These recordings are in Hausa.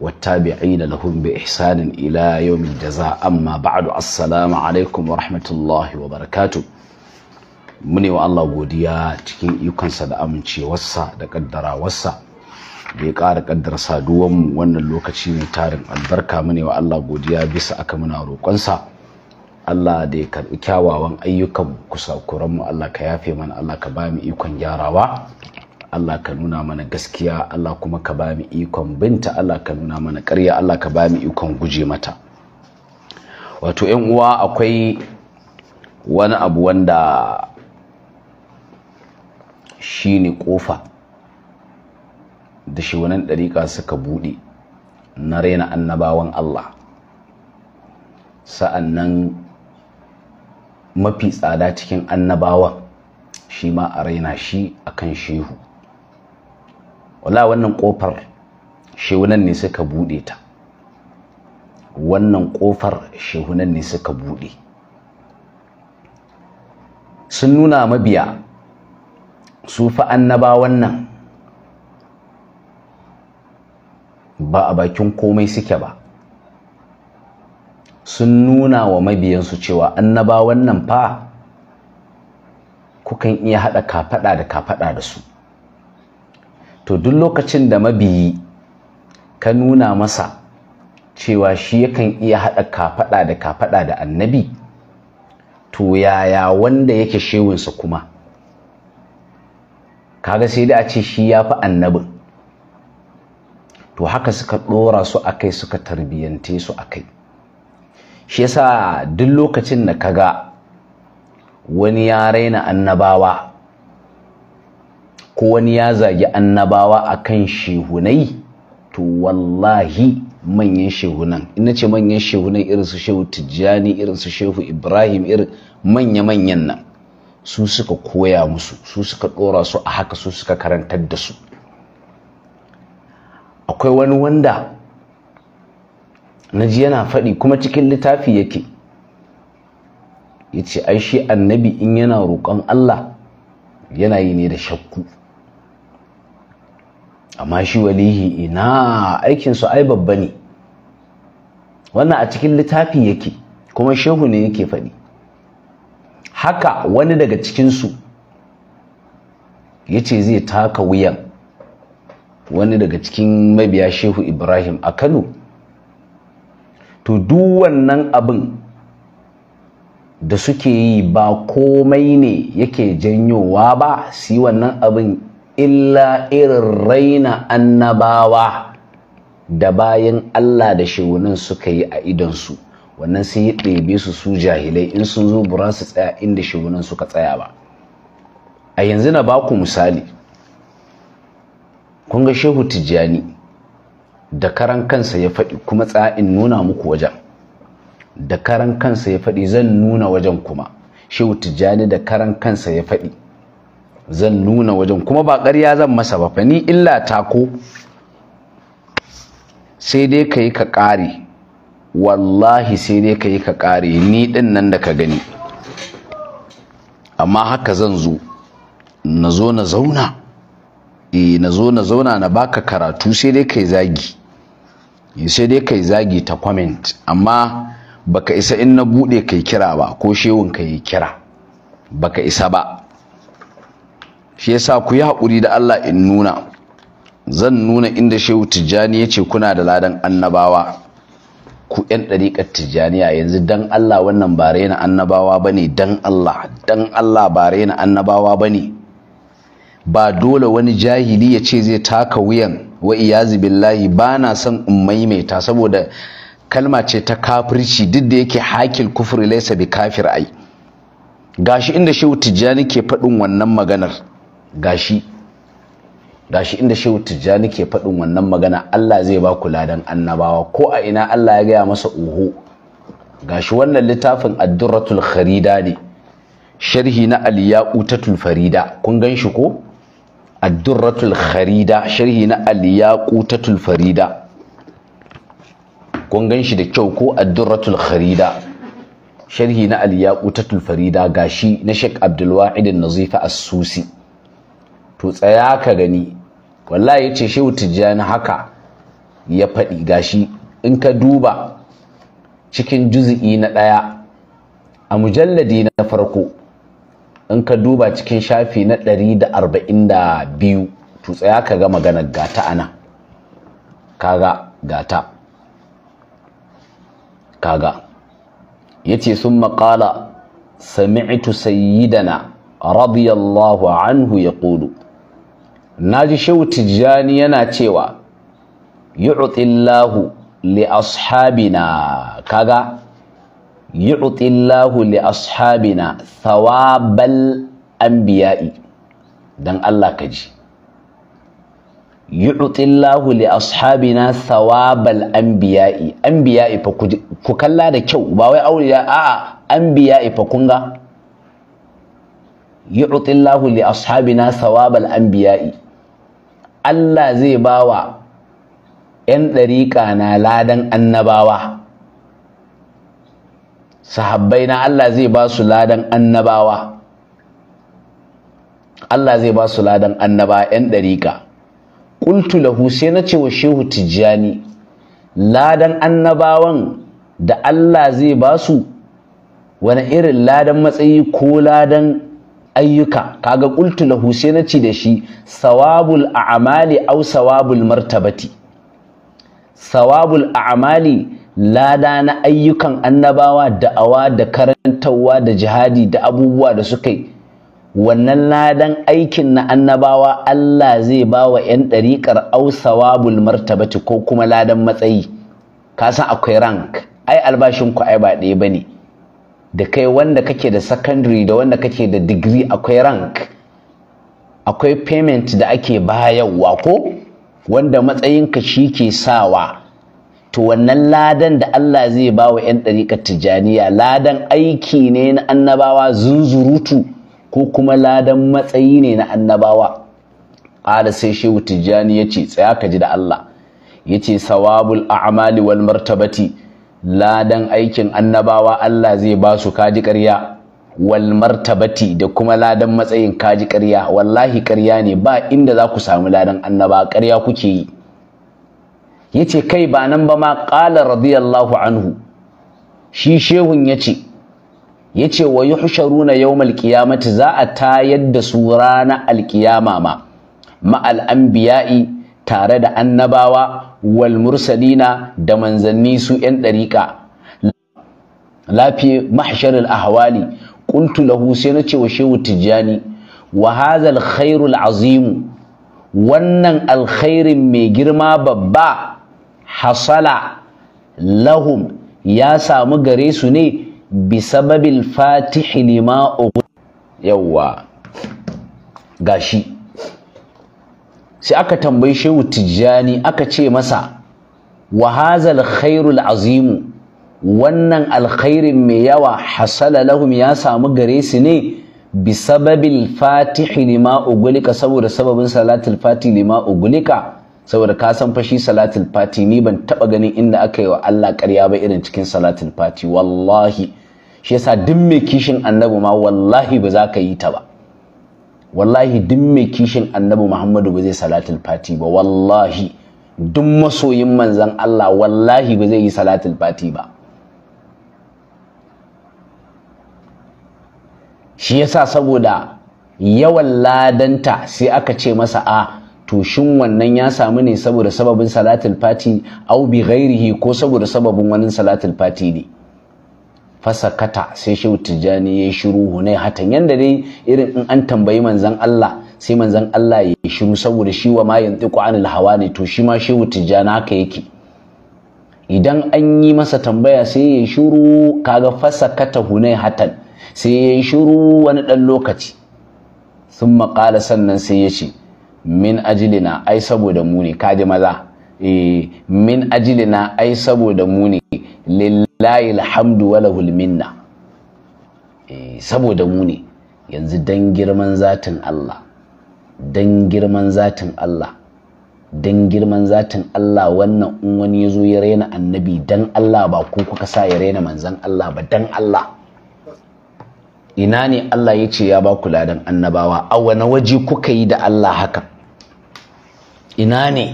والتابعين لهم بإحسان إلى يوم الجزاء أما بعد السلام عليكم ورحمة الله وبركاته mune wa Allah godiya cikin ikonsa da amincewarsa da kaddarawarsa da ya ƙara kaddara saduwanmu wannan lokaci mai tarin albarka mune wa Allah godiya bisa aka muna roƙonsa Allah da ya karɓi kyawawan ayyukan kusakuranmu Allah ka yafe mana Allah ka ba mu ikon gyarawa Allah ka nuna mana gaskiya Allah kuma ka ba mu ikon binta Allah ka nuna mana ƙarya Allah ka ba mu ikon guje mata wato yan uwa akwai wani abu wanda shi ne ƙofa da shi wannan ɗariƙa suka buɗe na raina annabawan Allah sa'annan mafi tsada cikin annabawan shi ma a raina shi akan shehu wala wannan kofar shehunan ne suka bude ta wannan kofar shehunan ne suka bude sun nuna mabiya su fa annaba wannan. ba a bakin komai suke ba sun nuna wa mabiyansu cewa annaba wannan fa kukan iya haɗa kafaɗa da kafaɗa da su to duk lokacin da mabiyi ka nuna masa cewa shi yakan iya haɗa kafaɗa da kafaɗa da annabi to yaya wanda yake shewinsa kuma kaga sai da a ce shi ya fi annabin to haka suka ɗora su a kai suka tarbiyyante su a kai shi yasa duk lokacin da kaga wani ya raina annabawa ko wani ya zagi annabawa a kan shehunai to wallahi manyan shehunan Ina ce manyan shehunan irin su shehu tijjani irin su shehu ibrahim irin manya-manyan nan su suka koya musu su suka ɗora su a haka su suka karantar da su akwai wani wanda na ji yana faɗi kuma cikin littafi yake ya ce ai shi annabi in yana roƙon allah yana yi ne da shakku amma shi walihi ina aikinsu ai babba ne wannan a cikin littafi yake kuma shehu ne yake faɗi haka wani daga cikinsu ya ce zai taka wuyan wani daga cikin mabiya shehu ibrahim a kano to duk wannan abin da suke yi ba komai ne yake janyowa ba si wannan abin illa irin raina annabawa da bayan Allah da shegunan suka yi a idonsu wannan sun yi ɗebe su su jahilai in sun zo bura su tsaya inda shegunan suka tsaya ba a yanzu na baku misali kun ga shehu tijjani da karan kansa ya faɗi kuma tsaya in nuna muku wajen da karan kansa ya faɗi zan nuna wajen kuma shehu tijjani da karan kansa ya faɗi zan nuna wajen kuma ba ƙarya zan masa ba fani ni illa ko. sai dai ka yi ka ƙare wallahi sai dai ka yi ka ƙare ni ɗin nan da ka gani amma haka zan zo na zo na zauna e na zo na zauna na baka karatu sai dai ka yi zagi eh, sai dai ka yi zagi ta comment amma baka isa in na buɗe yi kira ba ko shewun ka yi kira baka isa ba shi yasa ku yi haƙuri da Allah in nuna zan nuna inda shehu tijjani ya ce kuna da ladan annabawa ku yan ɗariƙar tijjaniya yanzu dan Allah wannan ba raina annabawa ba ne dan Allah dan Allah ba raina annabawa ba ne ba dole wani jahili ya ce zai taka wuyan wa iyazi billahi ba na son in maimaita saboda kalma ce ta kafirci duk da yake hakil kufur laisa bi kafir ai gashi inda shehu tijjani ke faɗin wannan maganar gashi gashi inda shehu tijjani ke faɗin wannan magana Allah zai ba ku ladan annabawa ko a ina Allah ya gaya masa oho gashi wannan littafin addurratul kharida ne sharhi na aliyaqutatul farida kun gan shi ko addurratul kharida sharhi na farida kun gan shi da kyau ko addurratul kharida sharhi na ta farida gashi na Sheikh Abdul Nazifa As-Susi to tsaya ka gani wallahi yace shehu tijjani haka ya faɗi gashi in ka duba cikin juzi'i na ɗaya a mujalladi na farko in ka duba cikin shafi na 142 to tsaya ka ga maganar gata ana kaga gata kaga yace sun maƙala sami'tu sayyidana radiyallahu anhu ya ƙudu naji shehu tijjani yana cewa yu'tillahu li ashabina kaga yu'tillahu li ashabina thawabal anbiya'i dan Allah ka kaji yu'tillahu li ashabina thawabal anbiya'i anbiya'i fa ku kalla da kyau ba wai auliya a'a anbiya'i fa kunga yu'tillahu li ashabina thawabal anbiya'i Allah zai ba wa 'yan ɗariƙa na ladan annabawa sahabbai na Allah zai ba su ladan annabawa Allah zai ba su ladan annabawa 'yan ɗariƙa ƙultu lahu sai na ce wa shehu tijjani ladan annabawan da Allah zai ba su wani irin ladan matsayi ko ladan ayyuka kaga qultu lahu sai na ci da shi sawabul a'mali aw sawabul martabati sawabul a'mali lada na ayyukan annabawa da'awa da karantarwa da jihadi da abubuwa da suka yi wannan ladan aikin na annabawa Allah zai ba wa 'yan ɗariƙar au sawabul martabati ko kuma ladan matsayi ka san akwai rank ai ku ai ba ɗaya ba da kai wanda kake da secondary da wanda kake da degree akwai rank akwai payment da ake bayarwa ko wanda matsayinka shi ke sawa to wannan ladan da Allah zai ba wa 'yan ɗariƙar tijjaniya ladan aiki ne na annabawa zunzurutu ko kuma ladan matsayi ne na annabawa ƙada sai shehu tijjani ya ce tsaya ka ji da Allah ya ce sawabul a'amali wal martabati ladan aikin annabawa Allah zai ba su kaji ƙarya wal martabati da kuma ladan matsayin kaji ƙarya wallahi ƙarya ne ba inda za ku samu ladan annaba ƙarya kuke yi yace kai ba nan ba ma qala radiyallahu anhu shi shehun yace yace wa yuhsharuna yawmal qiyamati za a tayar da su ranar alkiyama ma ma al anbiya'i tare da annabawa wal mursalina da manzanni su yan ɗariƙa Lafiya mahshar ahwali qultu lahu sai na ce wa shehu tijjani wa hadha al azimu. wannan alkhairin mai girma babba hasala lahum ya samu gare su ne bi sababil fatihi lima Yawwa! gashi sai aka tambayi shehu tijjani aka ce masa wa hazal khairul azimu wannan alkhairin mai yawa hasala lahum ya samu gare su ne bisababil fatihi lima ugulika saboda sababin salatul Fati lima ugulika saboda ka san fashi salatul fati ni ban taba ganin inda aka yi wa Allah ƙarya ba irin cikin salatul fati wallahi shi yasa duk mai kishin annabi ma wallahi ba za ka yi ta ba wallahi duk mai kishin annabi muhammadu ba zai salatul fati ba wallahi duk masoyin manzan allah wallahi ba zai yi salatul fati ba shi yasa saboda yawan ladanta sai aka ce masa a tushin wannan ya samu ne saboda sababin salatul fati au bi ghairihi ko saboda sababin wani salatul fati ne fasakata sai shehu tijjani ya shiru hunai hatan yanda dai irin in an tambayi manzan Allah sai manzan Allah ya shiru saboda shi wa ma yantiqu anil hawa ne to shi ma shehu tijjani haka yake idan an yi masa tambaya sai ya shiru kaga kata hunai hatan sai ya shiru wani dan lokaci sun maƙala sannan sai ya ce min ajilina ai saboda mu ne kaji maza eh, min ajilina ai saboda mu ne lillahi layil hamdu wala hulminna eh, saboda mu ne yanzu dan girman zatin Allah dan girman zatin Allah dan girman zatin Allah wannan in wani ya zo ya raina annabi dan Allah ba ko kuka sa ya raina manzan Allah ba dan Allah ina ne Allah ya ce ya ba kula don annabawa a wani waje kuka yi da Allah haka ina ne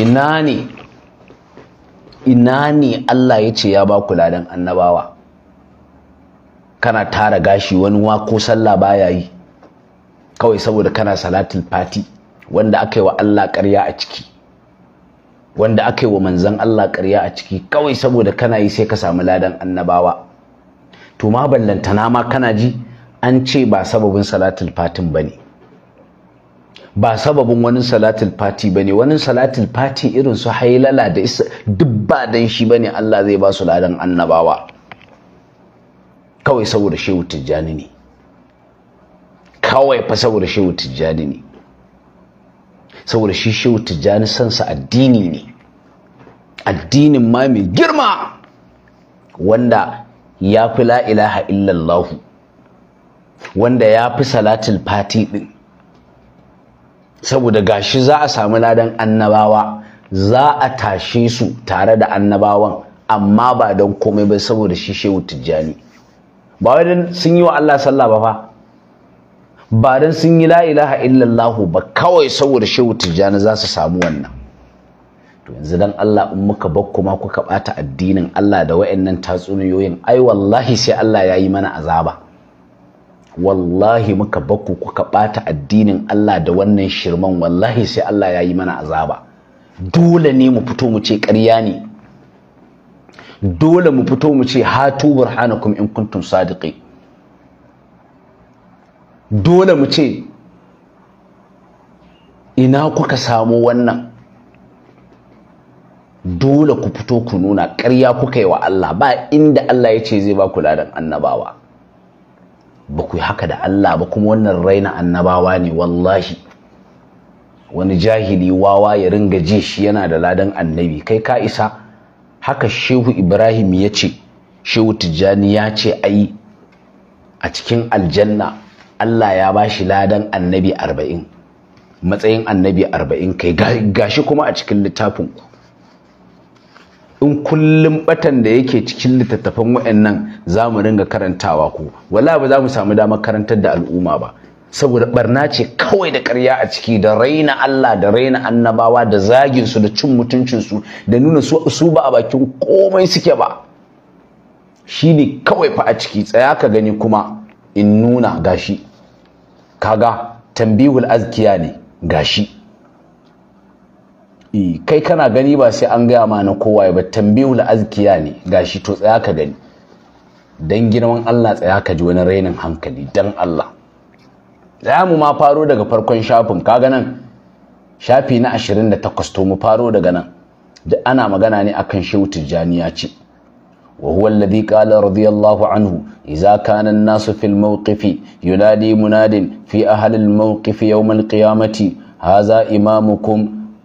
ina ne ina ne Allah ya ce ya ba ku ladan annabawa kana tara gashi wani wa ko sallah baya yi kawai saboda kana salatul fati wanda aka yi wa Allah ƙarya a ciki wanda aka yi wa manzan Allah ƙarya a ciki kawai saboda kana yi sai ka samu ladan annabawa to ma ballantana ma kana ji an ce ba sababin salatul fatin ba ne. ba sababin wani salatul fati bane wani salatul fati irin su hailala da isa duk ba dan shi bane Allah zai ba su ladan annabawa kawai saboda shehu tijjani ne kawai fa saboda shehu tijjani ne saboda shi shehu tijjani sansa addini ne addinin ma mai girma wanda ya fi la ilaha illallahu wanda ya fi salatul fati din saboda gashi za a samu ladan annabawa za a tashe su tare da annabawan amma ba don komai ba saboda shi shehu tijjani ba wai don sun yi wa Allah sallah ba fa ba don sun yi la ilaha illallahu ba kawai saboda shehu tijjani za su samu wannan to yanzu dan Allah in muka bar kuma kuka bata addinin Allah da wayannan tatsuniyoyin ai wallahi sai Allah ya yi mana azaba wallahi muka bakku kuka ɓata addinin Allah da wannan shirman wallahi sai Allah ya yi mana azaba dole ne mu fito mu ce ƙarya ne dole mu fito mu ce hatu burhanakum in kuntum sadiqi dole mu ce ina kuka samu wannan dole ku fito ku nuna ƙarya kuka yi wa Allah ba inda Allah ya ce zai ba ku ladan annabawa ba ku haka da Allah ba kuma wannan raina annabawa ne wallahi wani jahili wawa ya ringa ji shi yana da ladan annabi kai ka isa haka shehu ibrahim ya ce shehu tijjani ya ce ai a cikin aljanna Allah ya ba shi ladan annabi arba'in matsayin annabi arba'in kai gashi kuma a cikin littafinku in kullum batan da yake cikin littattafan wa'annan za mu ringa karantawa ku. wala ba za mu samu damar karantar da al'umma ba saboda barna ce kawai da karya a ciki da raina Allah da raina annabawa da zaginsu da cin mutuncin su da nuna su ba a bakin komai suke ba Shi ne kawai fa a ciki tsaya ka gani kuma in nuna gashi kaga tambihul azkiya ne gashi E, kai kana gani ba sai an gaya ma na kowa ba tambihul azkiya ne gashi to tsaya ka gani dan girman Allah tsaya ka ji wani rainin hankali dan Allah za mu ma faro daga farkon shafin kaga nan shafi na 28 to mu faro daga nan da ana magana ne akan shehu tijjani ce وهو الذي قال رضي الله عنه إذا كان الناس في الموقف ينادي مناد في أهل الموقف يوم القيامة هذا إمامكم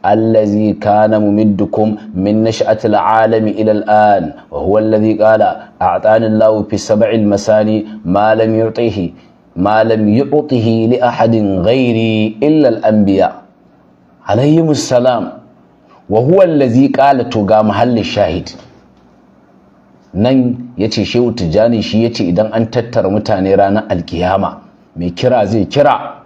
الذي كان ممدكم من نشأة العالم إلى الآن وهو الذي قال أعطاني الله في سبع المساني ما لم يعطيه ما لم يعطه لأحد غيري إلا الأنبياء عليهم السلام وهو الذي قال تقام محل الشاهد nan ya ce shehu tijjani shi ya ce idan an tattara mutane ranar alkiyama mai kira zai kira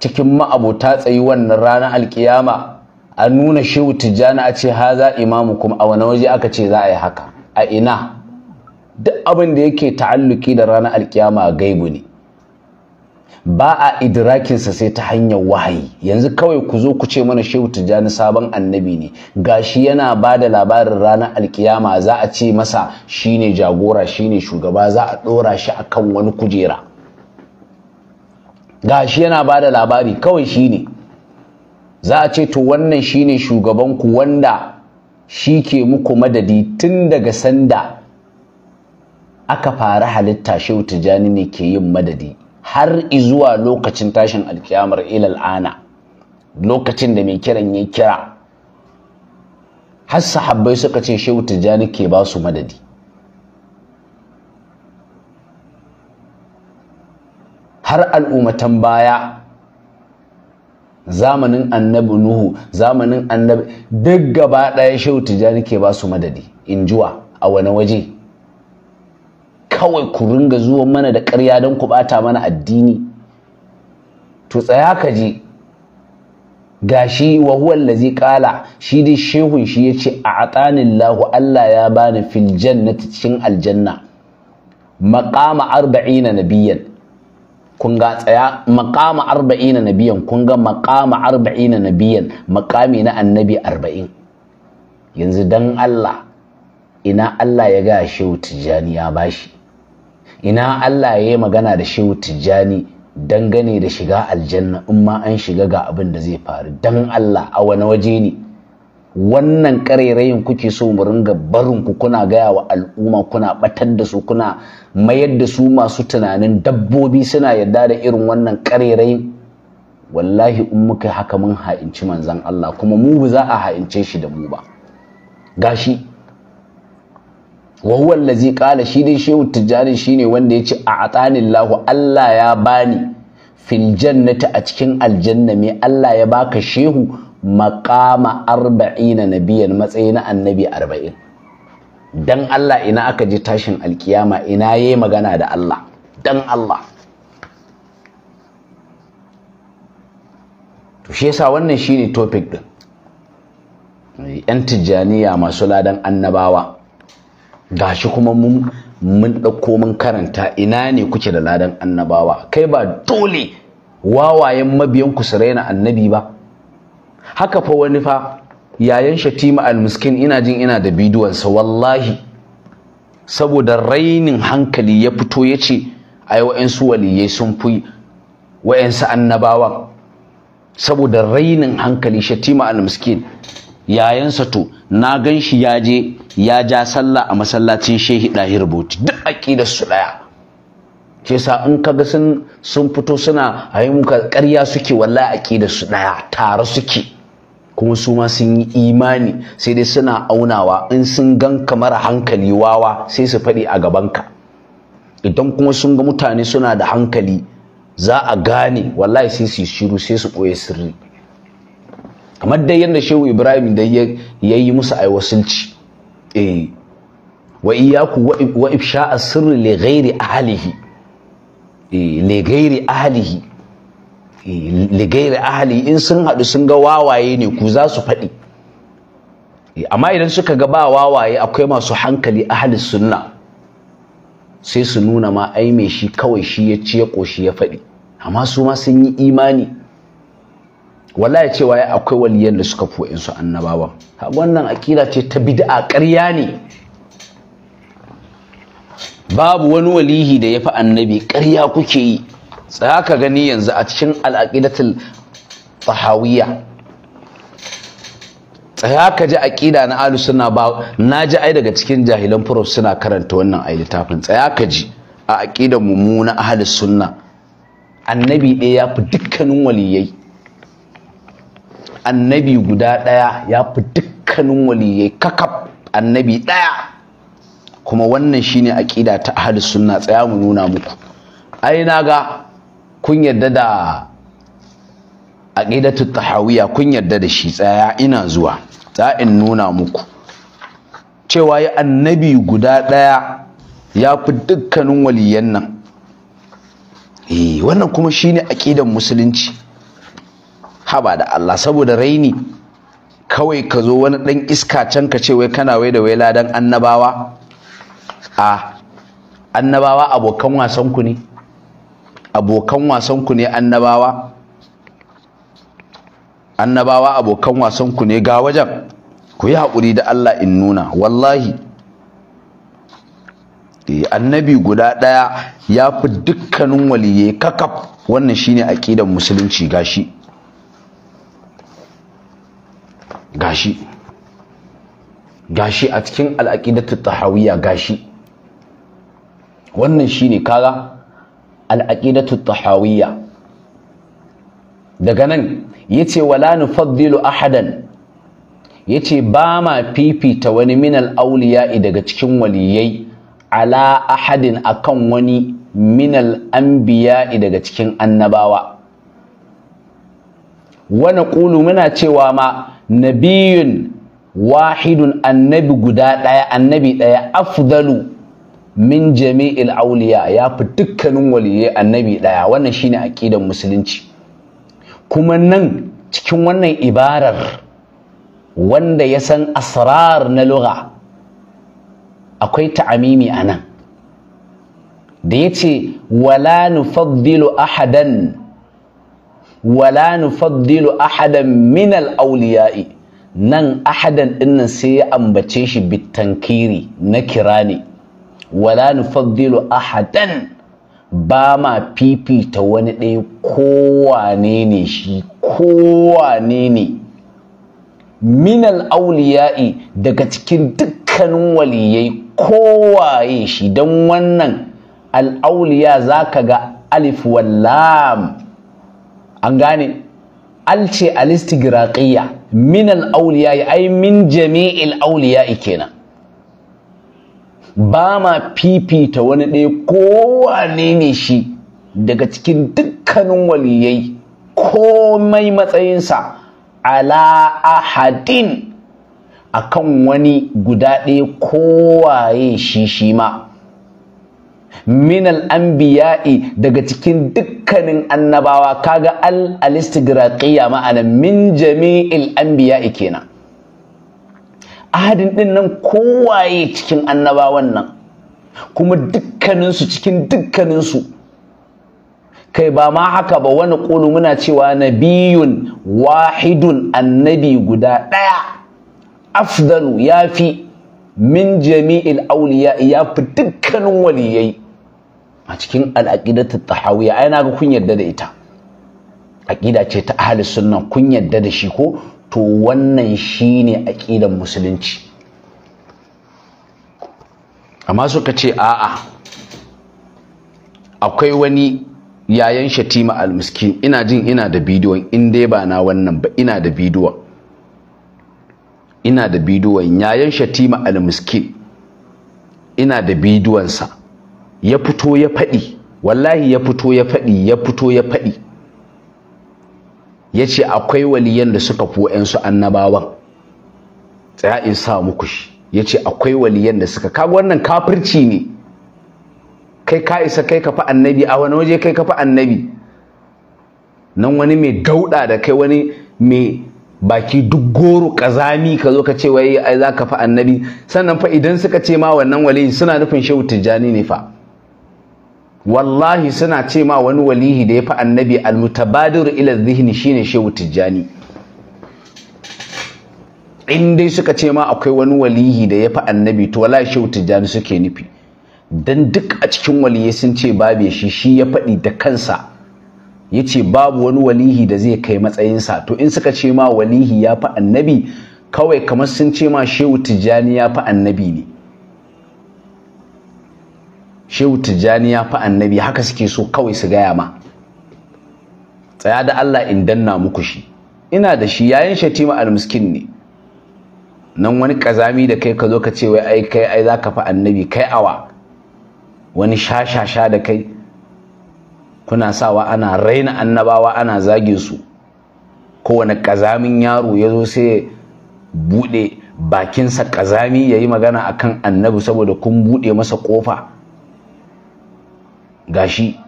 cikin ma'abota tsayi wannan rana alkiyama a nuna shehu tijjani a ce haza imamu kuma a wani waje aka ce za a yi haka a ina duk abin da yake ta'alluki da ranar alkiyama a gaibu ne ba a idrakinsa sai ta hanyar wahayi yanzu kawai ku zo ku ce mana shehu tijjani sabon annabi ne gashi yana ba da labarin ranar alkiyama za a ce masa shine jagora shine shugaba za a ɗora shi akan wani kujera gashi yana ba da labari kawai shi ne za a ce to wannan shi ne shugabanku wanda shi ke muku madadi tun daga sanda aka fara halitta shehu tijjani ne ke yin madadi har izuwa lokacin tashin alkiyamar ilal ana lokacin da mai kiran ya kira har sahabbai suka ce shehu tijjani ke ba su madadi har al'ummatan baya zamanin annabi nuhu zamanin annabi duk gaba ɗaya shehu tijjani ke ba su madadi juwa a wani waje kawai ku ringa zuwa mana da karya don ku ɓata mana addini to tsaya ka je gashi wa huwa allazi qala shi dai shehun shi yace a Lahu, Allah ya bani filjan na cikin aljanna maqama 40 biyan. kun ga tsaya maqama arba'ina nabiyan kun ga maqama arba'ina nabiyan maqami na annabi arba'in yanzu dan Allah ina Allah ya ga shehu tijjani ya bashi ina Allah ya yi magana da shehu tijjani dangane da shiga aljanna in ma an shiga ga abin da zai faru dan Allah a wani waje ne wannan ƙarairayin kuke so mu ringa barinku? kuna gaya wa al'umma kuna batar da su kuna mayar da su masu tunanin dabbobi suna yarda da irin wannan ƙarairayin wallahi in muka haka mun ha'inci manzan Allah kuma mu ba za a ha'ince shi da mu ba gashi shi. huwa kala shi dai shehu tijjani ne wanda ya ce a Lahu Allah ya bani fil jannati a cikin aljanna me Allah ya baka shehu Maƙama maqama na nabiyan matsayi na annabi arba'in dan Allah ina aka ji tashin alkiyama ina yi magana da Allah dan Allah to shi yasa wannan shine topic ɗin yan tijjaniya masu ladan annabawa Ga shi kuma mun mun ɗauko mun karanta ina ne kuke da ladan annabawa kai ba dole wawayen mabiyan ku su annabi ba haka fa wani fa yayan shatima almiskin ina jin ina da bidiyonsa wallahi saboda rainin hankali ya fito ya ce ai wa'yansu waliyai sun fi wa'yansu annabawa saboda rainin hankali shatima almiskin yayansa to na gan shi ya je ya ja sallah a masallacin shehi ɗahir bauti duk aƙidar su ɗaya ke sa in kaga sun sun fito suna ayi muka ƙarya suke wallahi aƙidar su ɗaya tare suke kuma su ma sun yi imani sai dai suna aunawa in sun gan kamar hankali wawa sai su faɗi a gabanka idan kuma sun ga mutane suna da hankali za a gane wallahi sai su shiru sai su ɓoye sirri kamar dai yadda shehu ibrahim da ya yi musu ai wasulci eh wa iyaku wa ifsha'a sirri li ghairi ahlihi eh li ghairi ahlihi ligairi ahali in sun haɗu sun ga wawaye ne ku za su faɗi amma idan suka ga ba wawaye akwai masu hankali ahali sunna sai su nuna ma ai mai shi kawai shi ya ce ya ƙoshi ya faɗi amma su ma sun yi imani wallahi cewa ya akwai waliyan da suka fi su annabawa wannan akila ce ta bid'a ƙarya ne babu wani walihi da ya fi annabi ƙarya kuke yi tsaya ka gani yanzu a cikin al'aqidatul tahawiyya tsaya ka ji aqida na ahlus sunna ba naji ai daga cikin jahilan prof suna karanta wannan ai littafin tsaya ka ji a aqidar mu na ahlus sunna annabi ɗaya ya fi dukkanin waliyai annabi guda ɗaya ya fi dukkanin waliyai kakaf annabi ɗaya kuma wannan shine aƙida ta ahlus sunna tsaya mu nuna muku ai naga kun yarda da aqidatu tahawiyya kun yarda da shi tsaya ina zuwa za in nuna muku cewa ya annabi guda ɗaya ya fi dukkanin waliyan nan eh wannan kuma shine aqidan musulunci haba da Allah saboda raini kawai ka zo wani ɗan iska can ka ce wai kana wai da wai ladan annabawa a ah, annabawa abokan wasan ku ne abokan wasanku ne annabawa annabawa abokan wasanku ne ga wajen ku yi haƙuri da Allah in nuna wallahi eh, annabi guda ɗaya ya fi dukkanin waliye kakaf wannan shine aƙidan musulunci gashi gashi gashi a cikin al'aqidatu tahawiyya gashi wannan shine kaga al'aqidatu tahawiyya daga nan ya yace wala nufaddilu ahadan ce, ba ma fifita wani minal auliya'i daga cikin waliyai ala ahadin akan wani minal anbiya'i daga cikin annabawa wani ƙulu muna cewa ma nabiyun wahidun annabi guda ɗaya annabi ɗaya afdalu min jami'il auliya ya fi dukkanin waliyai annabi ɗaya wannan shine aƙidan musulunci kuma nan cikin wannan ibarar wanda ya san asrar na lugha akwai ta'amimi a nan da yace ce wala nufaddilu ahadan wala nufaddilu ahadan min al-auliya'i nan ahadan dinnan sai ya ambace shi bitankiri na kirani ne wala nufaddilu ahadan ba ma fifita wani ɗaya kowane ne shi kowane ne minal auliya'i daga cikin dukkanin waliyai kowaye shi don wannan al'auliya za ka ga alif wallam an gane alce alistigraƙiyya minal auliya'i ai min jami'il auliya'i kenan ba ma fifita wani ɗaya kowane ne shi daga cikin dukkanin waliyai komai matsayinsa ala ahadin akan wani guda ɗaya kowaye shi shi ma minal anbiya'i daga cikin dukkanin annabawa kaga al alistigraqiya ma'ana min jami'il anbiya'i kenan ahadin din nan kowaye cikin annabawan nan kuma dukkaninsu cikin dukkaninsu kai ba ma haka ba wani ƙulu muna cewa nabiyun wahidun annabi guda ɗaya afdalu ya fi min jami'il auliya ya fi dukkanin waliyai a cikin al'aqidatu tahawiyya ai na ga kun yarda da ita Aƙida ce ta ahli sunna kun yarda da shi ko to wannan shine aƙidan musulunci amma suka ce a'a akwai wani yayan shatima almiskin ina jin ina da bidiyon in dai ba na wannan ba ina da bidiyon ina da bidiyon yayan shatima almiskin ina da bidiyonsa ya fito ya faɗi wallahi ya fito ya faɗi ya fito ya faɗi ya ce akwai waliyan da suka fi su annabawan tsaya in sa muku shi ya ce akwai waliyan da suka kaga wannan kafirci ne kai ka isa kai ka fi annabi a wani waje kai ka fi annabi nan wani mai dauɗa da kai wani mai baki duk goro ƙazami ka zo ka ce wai ai za ka fi annabi sannan fa idan suka ce ma wannan waliyin suna nufin shehu tijjani ne fa wallahi suna ce ma wani walihi da ya fi annabi almutabadir ila zihni shine shehu tijjani in dai suka ce ma akwai wani walihi da ya fi annabi to wallahi shehu tijjani suke nufi dan duk a cikin waliyai sun ce babe shi shi ya faɗi da kansa ya ce babu wani walihi da zai kai matsayinsa to in suka ce ma walihi ya fi annabi kawai kamar sun ce ma shehu tijjani ya fi annabi ne shehu tijjani ya fi annabi haka suke so kawai su gaya ma tsaya da Allah in danna muku shi ina da shi yayin shatima almiskin ne nan wani kazami da kai ka zo ka ce wai ai kai ai zaka ka fi annabi kai awa wani shashasha da kai kuna sawa ana raina annabawa ana zage su kowane kazamin yaro ya zo sai bude bakinsa kazami ya yi magana akan annabi saboda kun bude masa kofa. gashi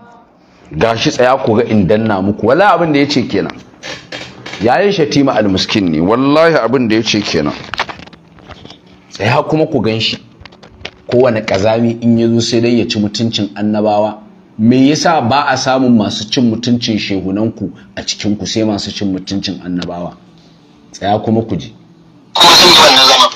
gashi tsaya ku ga in danna muku wala abin da yace kenan yayin shatima almuskin ne wallahi abin da yace kenan tsaya kuma ku ganshi kowane kazami in yazo sai dai ya ci mutuncin annabawa me yasa ba a samun masu cin mutuncin shehunanku a cikin ku sai masu cin mutuncin annabawa tsaya kuma ku ji kuma sun ji zama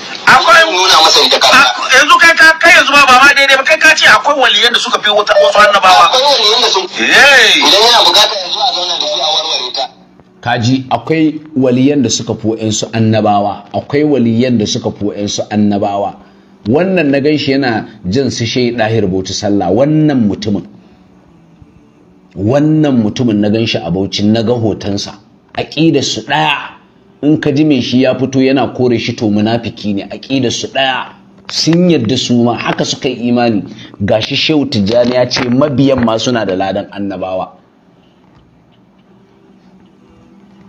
zan nuna masa ita kanta yanzu kai ka kai yanzu ba ba ma daidai ba kai ka ce akwai waliyan da suka fi wata wasu annabawa akwai waliyan da sun idan yana bukatar yanzu a zauna da shi a warware ta kaji akwai waliyan da suka fi wa'insu annabawa akwai waliyan da suka fi wa'insu annabawa wannan na ganshi yana jin su shi ɗahir bauchi sallah wannan mutumin wannan mutumin na ganshi a bauchi na ga hotonsa aƙidar su ɗaya in ka ji mai shi ya fito yana kore shi to munafiki ne aqida su daya sun yadda su ma haka suka yi imani gashi shehu tijjani ya ce mabiyan ma suna da ladan annabawa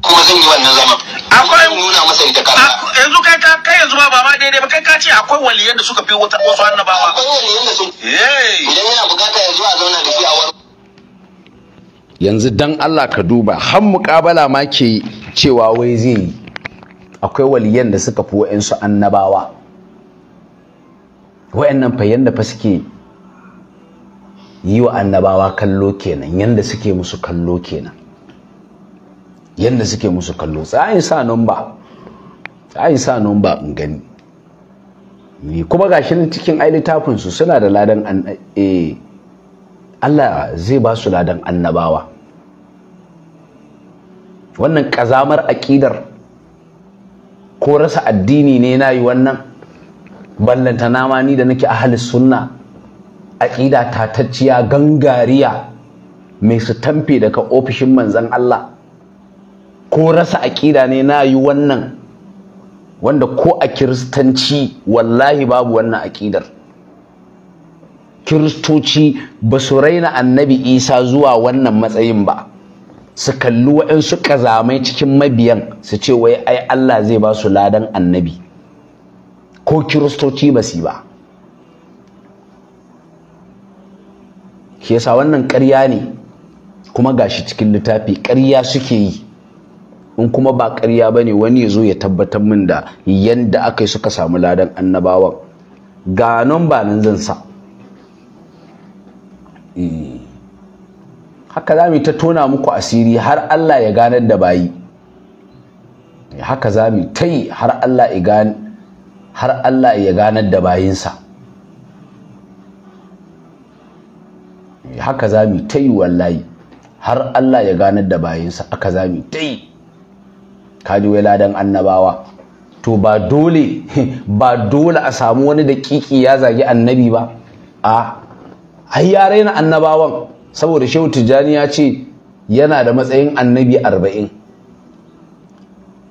kuma zan yi wannan zama akwai nuna masa ita karama yanzu kai ka kai yanzu ba ba daidai ba kai ka ce akwai waliyan da suka fi wata wasu annabawa akwai waliyan da su idan yana bukata yanzu a zauna da shi a wani yanzu dan Allah ka duba har muƙabala ma ke cewa wai zai yi akwai waliyan da suka fi wa'insu annabawa wa'annan fa yanda fa suke yi wa annabawa kallo kenan yanda suke musu kallo kenan yanda suke musu kallo tsayin sa numba tsayin sa numba in gani ni kuma gashi nan cikin ai littafin su suna da ladan an eh Allah zai ba su ladan annabawa wannan kazamar aƙidar ko rasa addini ne na yi wannan ballanta nama ni da nake ahalis sunna aƙida tatacciya gangariya mai su tamfe daga ofishin manzan Allah ko rasa aƙida ne na yi wannan wanda ko a kiristanci wallahi babu wannan aƙidar kiristoci ba su raina annabi isa zuwa wannan matsayin ba su kalli waɗansu ƙazamai cikin mabiyan su ce wai ai Allah zai ba su ladan annabi ko kiristoci ba su ba ke yasa wannan ƙarya ne kuma gashi cikin littafi ƙarya suke yi in kuma ba ƙarya ba ne wani ya zo ya tabbatar min da yadda aka yi suka samu ladan annabawan ga nan ba nan zan sa eh. haka za mu ta tona muku asiri har Allah ya ganar da bayi haka za mu ta yi har Allah ya ganar da bayinsa haka za mu ta yi wallahi har Allah ya ganar da bayinsa haka za mu ta yi kaji wai ladan annabawa to ba dole ba dole a samu wani da kiki ya zagi annabi ba a ai ya raina annabawan saboda shehu tijjani ya ce yana da matsayin annabi arba'in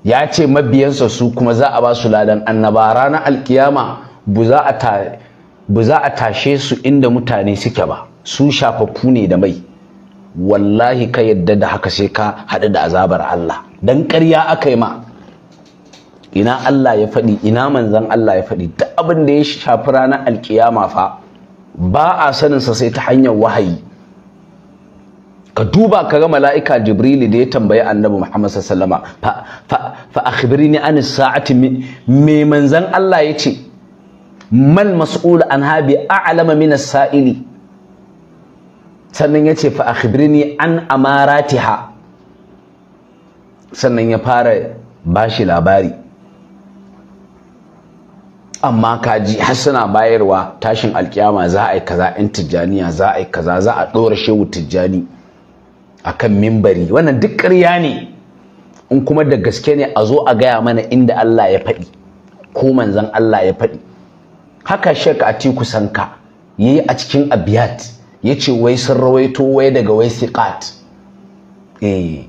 ya ce mabiyansa su kuma za a ba su ladan annaba ranar alkiyama bu za a tashe su inda mutane suke ba su shafaffu ne da mai wallahi ka yadda da haka sai ka haɗu da azabar Allah Don ƙarya aka yi ma ina Allah ya faɗi ina manzan Allah ya faɗi duk abin da ya shafi ranar alkiyama fa ba a saninsa sai ta hanyar wahayi ka duba ka ga mala'ika jibrili da ya tambayi annabi muhammad sallama fa akhbirni an sa'ati me manzan allah ya ce man mas'ul an habi a'lama min as-sa'ili sannan ya ce fa akhbirni an amaratiha sannan ya fara bashi labari amma kaji har suna bayarwa tashin alkiyama za a yi kaza in tijjaniya za a yi kaza za a ɗora shehu tijjani akan mimbari wannan duk ƙarya ne in kuma da gaske ne a zo a gaya mana inda Allah ya faɗi ko manzan Allah ya faɗi haka Sheikh Atiku Sanka yayi a cikin abiyat yace wai sun rawaito wai daga wai siqat eh,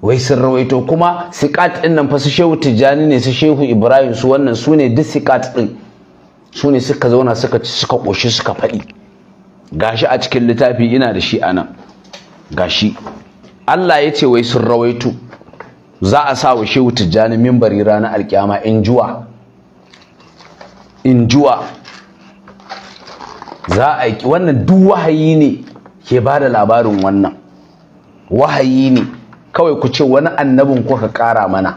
wai sun rawaito kuma siqat din nan fa su Shehu Tijani ne su Shehu Ibrahim su wannan su ne duk siqat ɗin su ne suka zauna suka ci suka koshi suka faɗi gashi a cikin littafi ina da shi anan gashi Allah ya ce wai sun rawaito za a sa wa shehu tijjani mimbari ranar alkyama in juwa in juwa za a yi wannan duk wahayi ne ke ba da labarin wannan wahayi ne kawai ku ce wani annabin kuka kara mana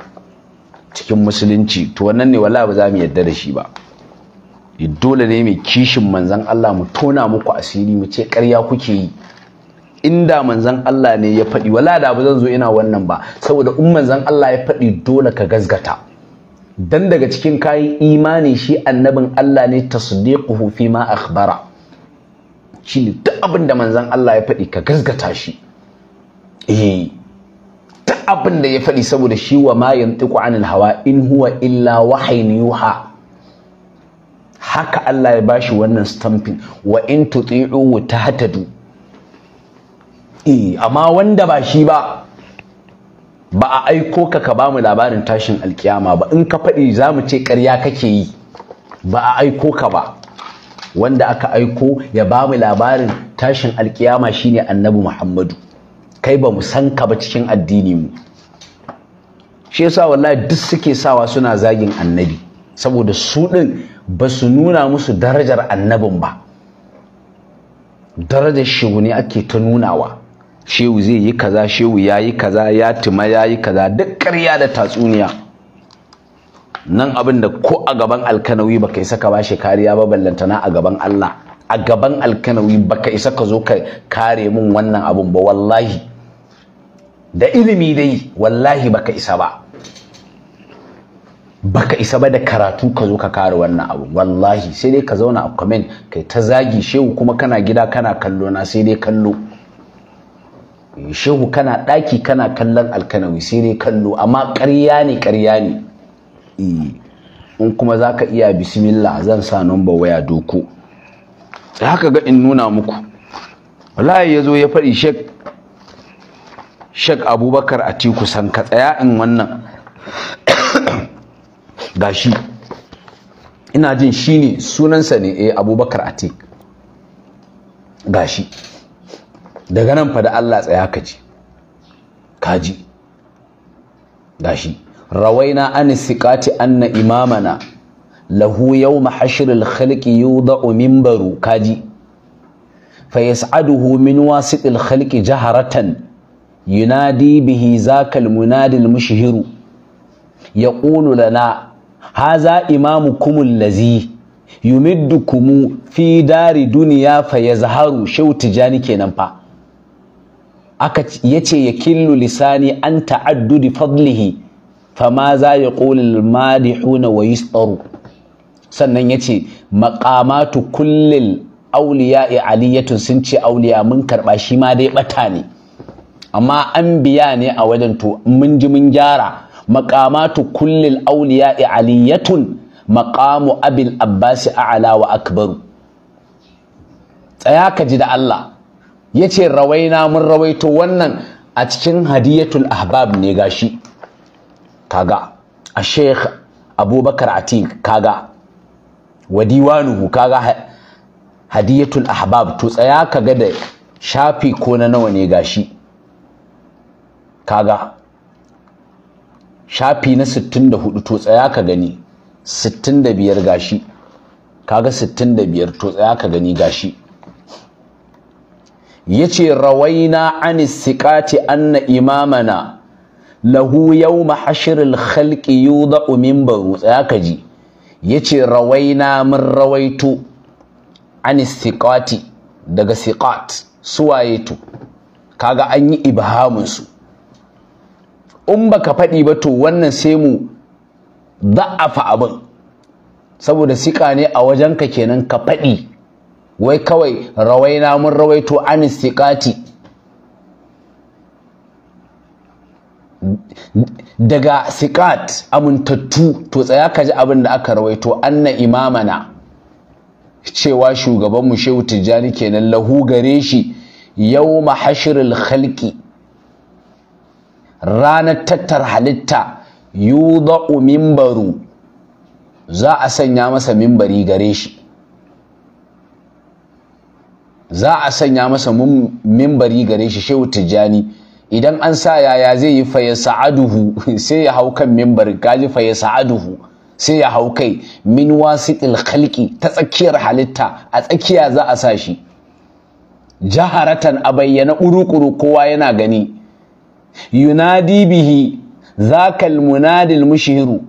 cikin musulunci to wannan ne wala ba za mu yarda da shi ba dole ne mai kishin manzon Allah mu tona muku asiri mu ce ƙarya kuke yi inda manzan Allah ne ya faɗi wala da ba zan zo ina wannan ba saboda in manzan Allah ya faɗi dole ka gazgata dan daga cikin kayan imani shi annabin Allah ne tasdiquhu fi ma akhbara ne duk abin da manzan Allah ya faɗi ka gazgata shi eh duk abin da ya faɗi saboda shi wa ma yantiqu anil hawa in huwa illa wahyin yuha haka Allah ya bashi wannan stamping wa in tuti'u tahtadu eh amma wanda ba shi ba ba a aiko ka ka bamu labarin tashin alkiyama ba in ka faɗi za mu ce ƙarya kake yi ba a aiko ka ba wanda aka aiko ya bamu labarin tashin alkiyama shine annabi muhammadu kai ba mu san ka ba cikin addini mu shi yasa wallahi duk suke sawa suna zagin annabi saboda su ɗin ba su nuna musu darajar annabin ba darajar shi ne ake ta nunawa shehu zai yi kaza shehu ya yi kaza ya tuma ya yi kaza duk karya da tatsuniya nan abin da ko a gaban alkanawi baka isa ka ba shi kariya ba ballantana a gaban Allah a gaban alkanawi baka isa ka zo ka kare mun wannan abun ba wallahi da ilimi dai wallahi baka isa ba baka isa ba da karatu ka zo ka kare wannan abu wallahi sai dai ka zauna a comment kai ta zagi shehu kuma kana gida kana kallo na sai dai kallo shehu kana ɗaki kana kallon alkanawi sai dai kallo amma ƙarya ne ƙarya ne eh, in kuma za ka iya bismillah zan sa numba waya doko da haka ga in nuna muku wallahi ya zo ya faɗi shek shek abubakar a tiku san ka tsaya in wannan gashi ina jin shi ne sunansa ne eh abubakar a gashi daga nan fa da Allah tsaya ka ji kaji dashi rawaina an siqati anna imamana lahu yawm hashr al khalq yudau minbaru kaji fa yas'aduhu min wasit al khalq jaharatan yunadi bihi zakal munadil mushhiru yaqulu lana haza imamukum allazi yumiddukum fi dari dunya fa yazharu shawti kenan fa aka yace ya killu lisani an ta'addudi fadlihi fa ma za ya qulul madihuna wa yusaru sannan ya yace maqamatu kullil awliya'i aliyatun sun ce auliya mun karba shi ma dai bata ne amma an biya ne a wajen to mun ji mun gyara maqamatu kullil awliya'i aliyatun maqamu abil abbasi a'la wa akbaru tsaya ka ji da Allah yace rawaina mun rawaito wannan a cikin hadiyatul ahbab ne gashi kaga a sheikh abubakar atin kaga wadiwanuhu kaga hadiyatul ahbab to tsaya kaga da shafi ko na nawa ne gashi kaga shafi na 64 to tsaya ka gani 65 gashi kaga 65 to tsaya ka gani gashi yace rawaina an siqati anna imamana lahu yawma hashril khalqi yudau min baru tsaya ka ji yace rawaina mun rawaito an siqati daga siqat suwaye to kaga an yi ibhamun su in baka faɗi ba to wannan sai mu da'afa abin saboda siƙa ne a wajenka kenan ka faɗi wai kawai rawaina mun rawaito an istiqati daga siqat amintattu to tsaya ka ji abin da aka rawaito anna imamana cewa shugabanmu shehu tijjani kenan lahu gare shi yau mahashiril khalqi ranar tattar halitta yuda'u mimbaru za a sanya masa mimbari gare shi za a sanya masa mimbari gare shi shehu tijjani idan an sa yaya zai yi faye sa'aduhu sai ya hau kan mimbar gaji faye sa'aduhu sai ya hau kai min wasitil khalqi ta tsakiyar halitta a tsakiya za a sa shi jaharatan a bayyana ƙuruƙuru kowa yana gani yunadi bihi zakal munadil mushiru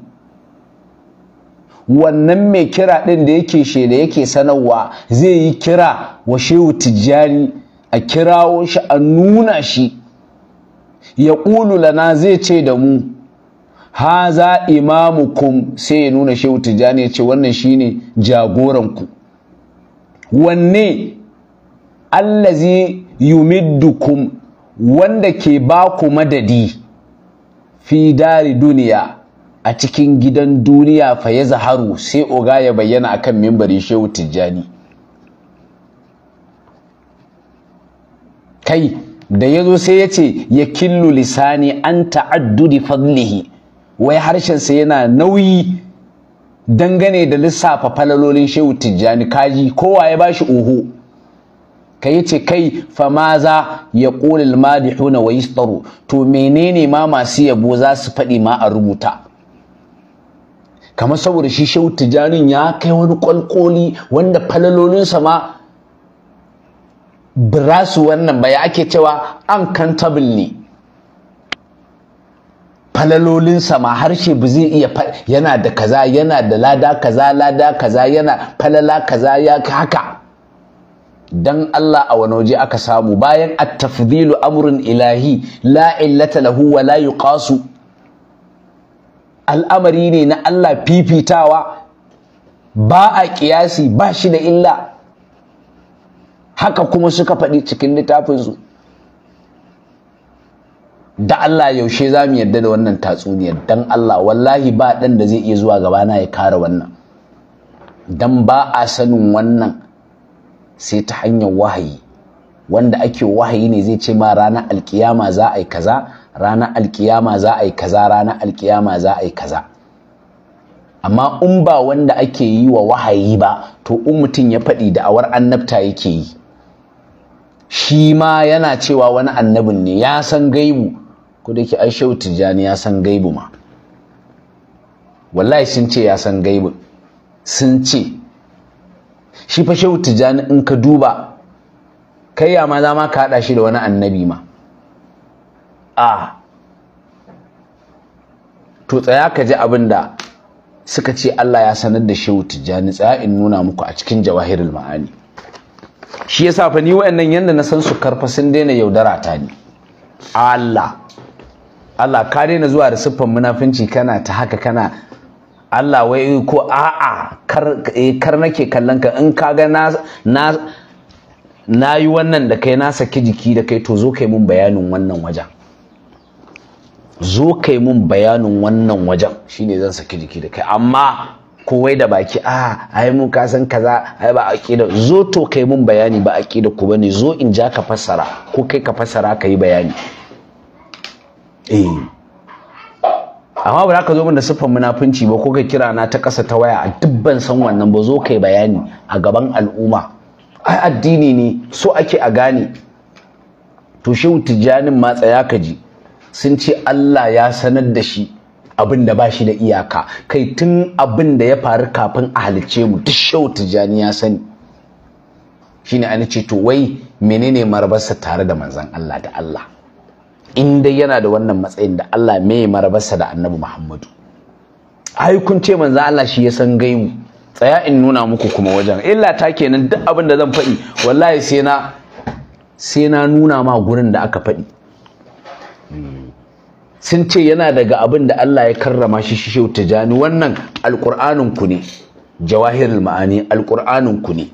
wannan mai kira ɗin da yake sheda yake sanarwa zai yi kira wa shehu tijjani a kirawo shi a nuna shi ya ƙulu lana zai ce da mu ha haza imamukum sai ya nuna shehu tijjani ya ce wannan shi ne jagoranku wanne allazi yumiddukum wanda ke ba ku madadi fi dari duniya a cikin gidan duniya fa ya zaharu sai oga ya bayyana akan mimbarin shehu tijjani kai da ya zo sai ya ce ya killu lisani an ta'addudi fadlihi wai harshensa yana nauyi dangane da lissafa falalolin shehu tijjani kaji kowa ya bashi oho ka yi ce kai fa maza ya ƙulil madihuna wa tsaro. to menene ma masu yabo za su faɗi ma a rubuta kamar saboda shi shehu tijanin ya kai wani kwalkoli wanda falalolinsa ma birasu wannan ba ya ake cewa an kantabil ne falalolinsa ma harshe ba zai iya yana da kaza yana da lada kaza lada kaza yana falala kaza ya haka dan Allah a wani waje aka samu bayan at tafdhilu amrun ilahi la illata lahu wa la yuqasu al'amari ne na Allah fifitawa ba a kiyasi ba shi da illa haka kuma suka faɗi cikin littafinsu da Allah yaushe za mu yarda da wannan tatsuniyar dan Allah wallahi ba ɗan da zai iya zuwa gabana ya kare wannan dan ba a sanin wannan sai ta hanyar wahayi wanda ake wahayi ne zai ce ma rana alkiyama za a yi kaza rana alkiyama za a yi kaza rana alkiyama za a yi kaza amma in ba wanda ake yi wa wahayi ba to in mutum ya faɗi da awar annabta yake yi shi ma yana cewa wani annabin ne ya san gaibu ko da ke ai shehu tijjani ya san gaibu ma wallahi sun ce ya san gaibu sun ce shi fa shehu tijjani in ka duba kai ya ma za ma ka haɗa shi da wani annabi ma a to tsaya ka ji abin da suka ce Allah ya sanar da shehu tijjani tsaya in nuna muku a cikin jawahirul ma'ani shi yasa fa ni wayannan yanda na san su karfa sun daina yaudara ta ni Allah Allah ka daina zuwa da siffan munafinci kana ta haka kana Allah wai ko a'a kar eh, kar nake kallon ka in ka ga na na yi wannan da kai na saki jiki da kai to zo kai mun bayanin wannan wajen zo kai mun bayanin wannan wajen shine zan saki jiki da kai amma kowai da baki a ah, ai mun ka kaza ai ba aqida zo to kai mun bayani ba aqida ku bane zo in ja ka fassara ko kai ka fassara kai bayani eh amma ba za ka zo mun da sifan munafunci ba ko ka kira na ta kasa ta waya a dubban san wannan ba zo kai bayani a gaban al'umma ai addini ne so ake a gane to shi tijjanin ma tsaya ka ji sun ce Allah ya sanar da shi abin da ba shi da iyaka kai tun abin da ya faru kafin a halicce mu duk shi tijjani ya sani shine an ce to wai menene marabarsa tare da manzan Allah da Allah in dai yana da wannan matsayin da Allah me marabarsa da Annabi Muhammadu ai kun ce manzon Allah shi ya san gaimu tsaya in nuna muku kuma wajen illa ta kenan duk abin da zan faɗi wallahi sai na sai na nuna ma gurin da aka faɗi sun ce yana daga abin da Allah ya karrama shi shi shehu tijani wannan alƙur'anin ku ne jawahirul ma'ani alƙur'anin ku ne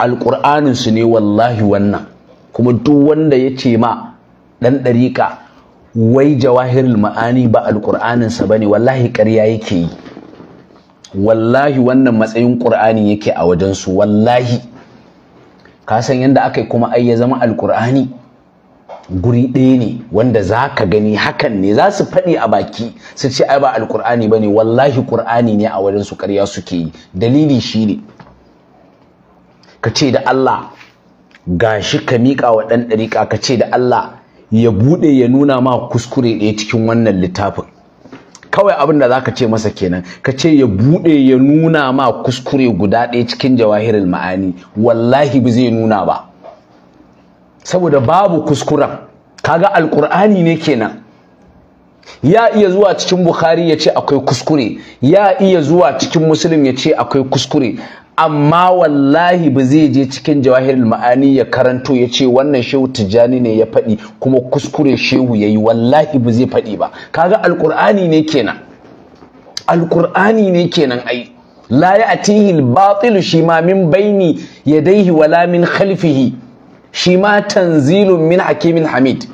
alƙur'anin su ne wallahi wannan kuma duk wanda ya ce ma dan ɗariƙa wai jawahirul ma'ani ba alƙur'aninsa ba ne wallahi ƙarya yake yi wallahi wannan matsayin ƙur'ani yake a wajensu wallahi ka san yadda aka yi kuma ai ya zama alƙur'ani guri ɗaya ne wanda za ka gani hakan ne za su faɗi a baki su ce ai ba alƙur'ani ba ne wallahi ƙur'ani ne a wajensu ƙarya suke yi dalili shi ne ka ce da Allah ga shi ka miƙa wa ɗan ɗariƙa ka ce da Allah ya buɗe ya nuna ma kuskure ɗaya cikin wannan littafin kawai abin da zaka ce masa kenan ka ce ya bude ya nuna ma kuskure guda ɗaya cikin jawahirin ma'ani wallahi ba zai nuna ba saboda babu kuskuren kaga alkur'ani ne kenan ya iya zuwa cikin bukhari ya ce akwai kuskure ya iya zuwa cikin muslim ya ce akwai kuskure amma wallahi ba zai je cikin jawahirul ma'ani ya karanto ya ce wannan shehu tijjani ne ya faɗi kuma kuskure shehu ya yi wallahi ba zai faɗi ba kaga alƙur'ani ne kenan alƙur'ani ne kenan ai la ya atihil batilu shi ma min baini daihi wala min khalfihi shi ma tanzilun min hakimin hamid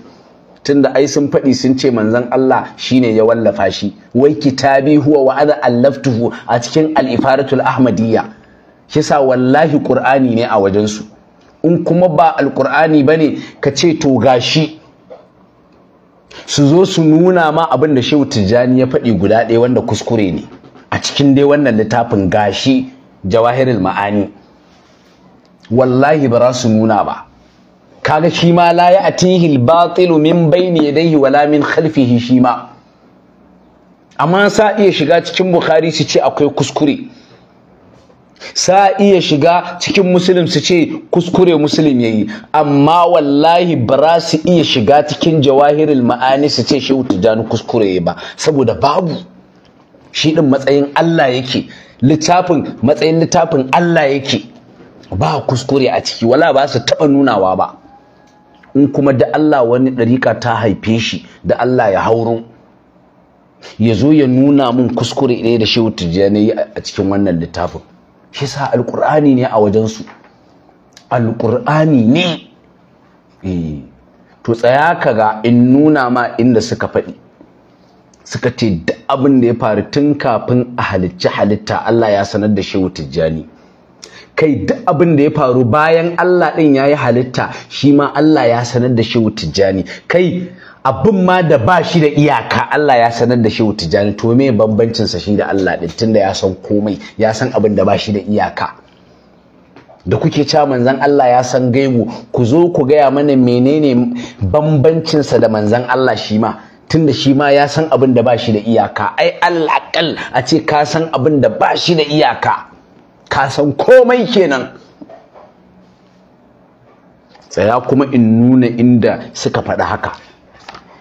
tunda ai sun faɗi sun ce manzon Allah shine ya wallafa shi wai kitabi huwa wa'ada allaftuhu a cikin al-ifaratul ahmadiyya Yasa wallahi ƙur'ani ne a wajensu in kuma ba alƙur'ani ba ne ka ce to gashi su zo su nuna ma abin da shehu tijjani ya faɗi guda ɗaya wanda kuskure ne a cikin dai wannan littafin gashi jawahirul ma'ani wallahi ba za su nuna ba kaga shi ma la ya atihil batilu min bayni yadayhi wala min khalfihi shi ma amma sa iya shiga cikin bukhari su ce akwai kuskure sa iya shiga cikin musulun su ce kuskure musulun yayi amma wallahi ba su iya shiga cikin jawahirin ma'ani su ce shehu tijjani kuskure ba saboda babu shi din matsayin Allah yake littafin matsayin littafin Allah yake ba kuskure a ciki wala ba su taba nunawa ba in kuma da Allah wani ɗariƙa ta haife shi da Allah ya hauro ya zo ya nuna mun kuskure ɗaya da shehu tijjani a cikin wannan littafin shisa Alƙur'ani ne a wajensu Alƙur'ani ne eh, to tsaya ka ga in nuna ma inda suka faɗi suka ce da abin da ya faru tun kafin a halicci halitta Allah ya sanar da shehu tijjani kai duk abin da ya faru bayan Allah ɗin ya yi halitta shi ma Allah ya sanar da shehu tijjani kai abin ma da ba shi da iyaka Allah ya sanar da shi tijjani to me bambancin sa shi da Allah din tunda ya san komai ya san abin da ba shi da iyaka da kuke cewa manzon Allah ya san gaibu ku zo ku gaya mana menene bambancin sa da manzon Allah shi ma tunda shi ma ya san abin da ba shi da iyaka ai alakal a ce ka san abin da ba shi da iyaka ka san komai kenan tsaya kuma in nuna inda suka faɗi haka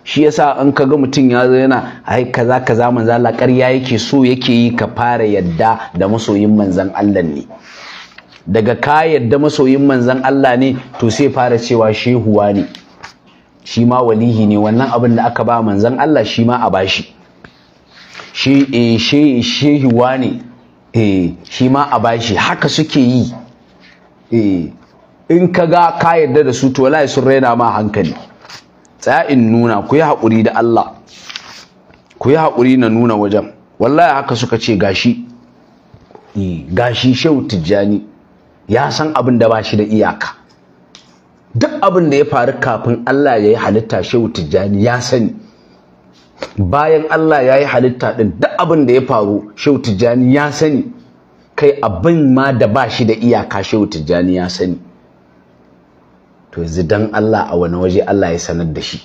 shi yasa an kaga mutum ya zo yana ai kaza kaza manzo Allah ƙarya yake so yake yi ka fara yadda da masoyin manzon Allah ne daga ka yadda masoyin manzon Allah ne to sai fara cewa shehuwa ne shi ma walihi ne wannan abin da aka ba manzon Allah shi ma a bashi shi eh, she shehuwa ne eh shi ma a bashi haka suke yi eh in kaga ka yadda da su to wallahi sun raina ma hankali in nuna ku yi haƙuri da Allah ku yi haƙuri na nuna wajen wallahi haka suka ce gashi eh, gashi shehu tijjani ya san abin da ba shi da iyaka duk abin da ya faru kafin Allah ya yi halitta shehu tijjani ya sani bayan Allah ya yi halitta ɗin duk abin da ya faru shehu tijjani ya sani kai abin ma da ba shi da iyaka shehu tijjani ya sani to yanzu dan Allah a wani waje Allah ya sanar da shi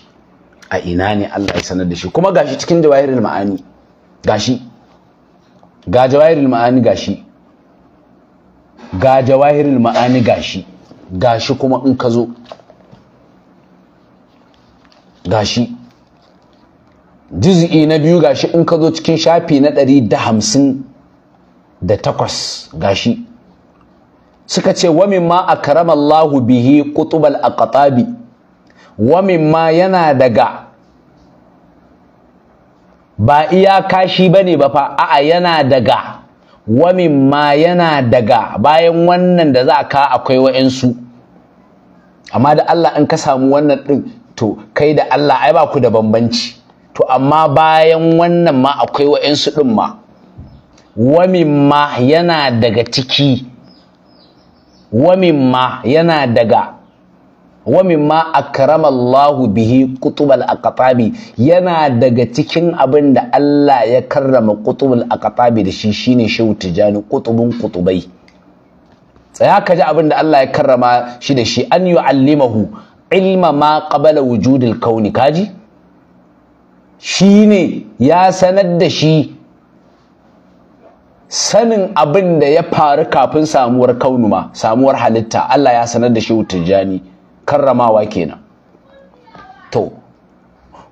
a ina ne Allah ya sanar da shi kuma gashi cikin jawahirul ma'ani gashi ga jawahirul ma'ani gashi ga jawahirul ma'ani gashi gashi kuma in ka zo gashi juz'i na biyu gashi in ka zo cikin shafi na ɗari da hamsin da takwas gashi suka ce wa mimma akramallahu bihi a aqtabi wa mimma yana daga ba iya kashi ne ba fa a yana daga wa mimma yana daga bayan wannan da za ka akwai wa'ansu amma da Allah in ka samu wannan ɗin to kai da Allah ai ba ku da bambanci to amma bayan wannan ma akwai wa'ansu ɗin ma wa mimma yana daga ciki Wamimma yana daga akramallahu bihi qutubal aqtabi yana daga cikin abin da Allah ya karrama qutubul aqtabi da shi shine shehu tijani qutubun qutubai tsaya ka ji abin da Allah ya karrama shi da shi an yu'allimahu ilma ma qabala wujudil kauni kaji shine ya sanar da shi sanin abin da ya faru kafin samuwar Kaunuma, samuwar halitta Allah ya sanar da shi tijjani karramawa kenan to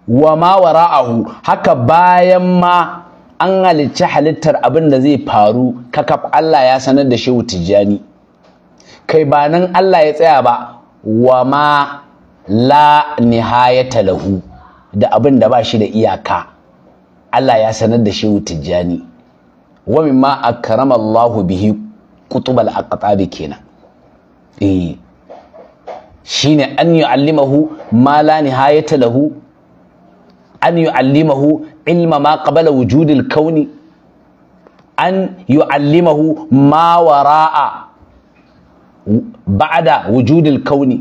wa ma wara'ahu haka bayan ma an halicci halittar abin da zai faru kakaf Allah ya sanar da shi tijjani kai ba nan Allah ya tsaya ba wa ma la nihayata lahu da abin da ba shi da iyaka Allah ya sanar da shehu tijjani wa ma akrama Allah bihi qutbal aqtabi kenan eh shine an allimahu ma la ta lahu an allimahu ilma ma kabala wujudil kauni an allimahu ma wara'a ba'da wujudin kauni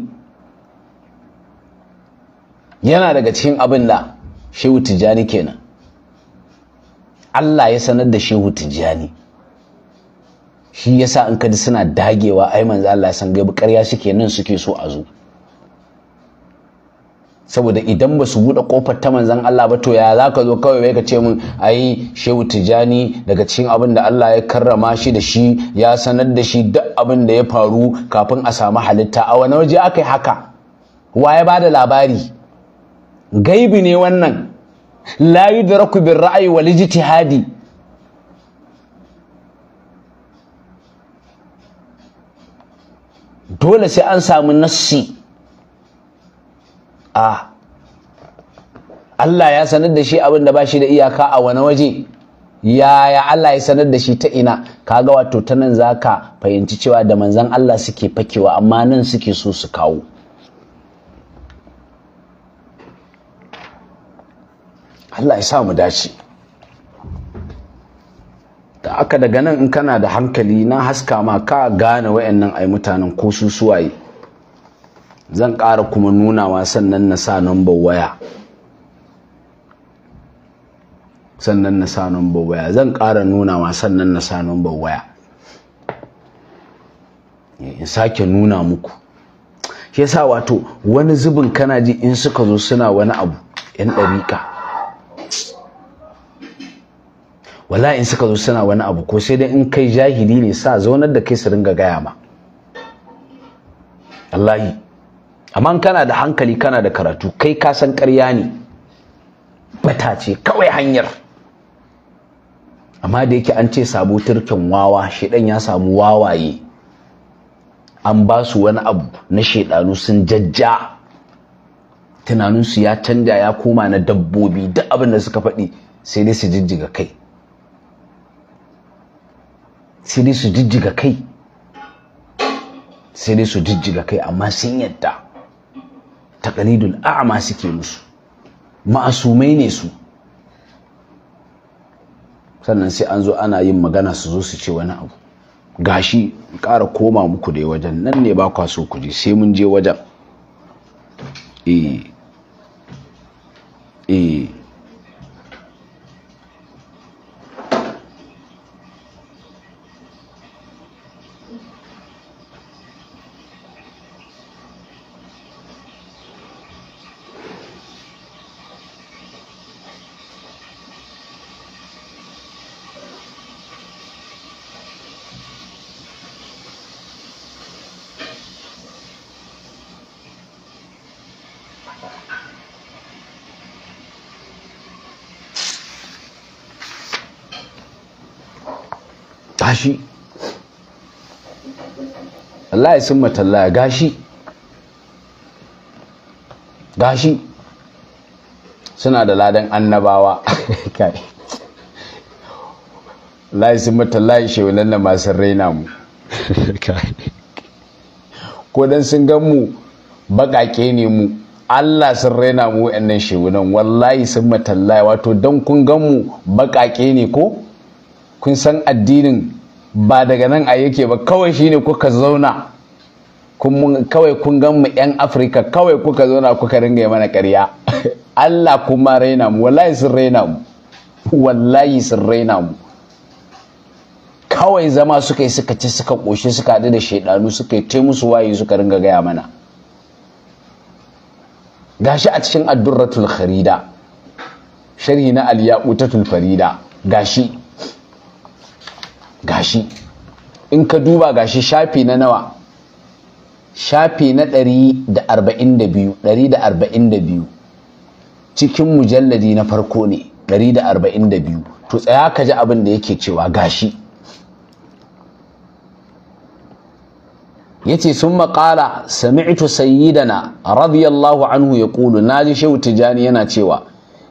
yana daga cikin abin da shi wuti jani kenan Allah ya sanar da shehu tijjani shi yasa in kadi suna dagewa ai manzo Allah ya san gaibu ƙarya suke nan suke so a zo saboda idan ba su buɗe kofar ta manzan Allah ba to ya za ka zo kawai bai ka ce min ai shehu Tijjani daga cikin abin da Allah ya karrama shi da shi ya sanar da shi duk abin da ya faru kafin a samu halitta a wani waje aka yi haka wa ya bada labari gaibi ne wannan la yudraku bir ra'yi wal ijtihadi dole sai an samu nasi a Allah ya sanar da shi abin da ba shi da iyaka a wani waje yaya Allah ya sanar da shi ta ina kaga wato ta nan za ka fahimci cewa da manzan Allah suke fakewa amma nan suke so su kawo Allah ya sa mu dace da aka daga nan in kana da hankali na haska ma ka gane wayannan ai mutanen ko su suwaye zan ƙara kuma nuna ma sannan na sa number waya sannan na sa number waya zan ƙara nuna ma sannan na sa number waya eh, in sake nuna muku shi yasa wato wani zubin kana ji in suka zo suna wani abu yan dariƙa wala in suka zo suna wani abu ko sai dai in kai jahili ne sa zaunar da kai su ringa gaya ma wallahi amma kana da hankali kana da karatu kai ka san ƙarya ne bata ce kawai hanyar amma da yake an ce sabo turkin wawa shedan ya samu wawaye an ba su wani abu na shedanu sun jajja tunaninsu ya canja ya koma na dabbobi duk abin da suka faɗi sai dai su jijjiga kai sai dai su jijjiga kai sai dai su jijjiga kai amma sun yadda taqalidul a'ma suke musu ma'asumai ne su sannan sai an zo ana yin magana su zo su ce wani abu gashi ƙara koma muku dai wajen nan ne ba kwa so ku je sai mun je wajen eh eh gashi wallahi sun matalla gashi gashi suna da ladan annabawa ya sun matalla shehunan da masu raina mu ko dan sun gan mu baƙaƙe ne mu Allah sun raina mu wa'annan shewunan, wallahi sun matalla wato dan kun gan mu baƙaƙe ne ko kun san addinin ba daga nan a yake ba kawai shine kuka zauna kawai kun gan mu 'yan afirka kawai kuka zauna kuka ringa yi mana karya. allah kuma raina mu wallahi sun raina mu wallahi sun raina mu kawai zama suka yi suka ci suka ƙoshi suka haɗu da shaidanu suka yi ta musu waye suka ringa gaya mana gashi a cikin addurratul kharida sharhi na aliyaqutatul farida gashi gashi in ka duba gashi shafi na nawa shafi na 142 142 cikin mujalladi na farko ne 142 to tsaya ka ji abin da yake cewa gashi yace sun maƙala sami'tu sayyidana radiyallahu anhu ya ƙulu na ji shehu tijjani yana cewa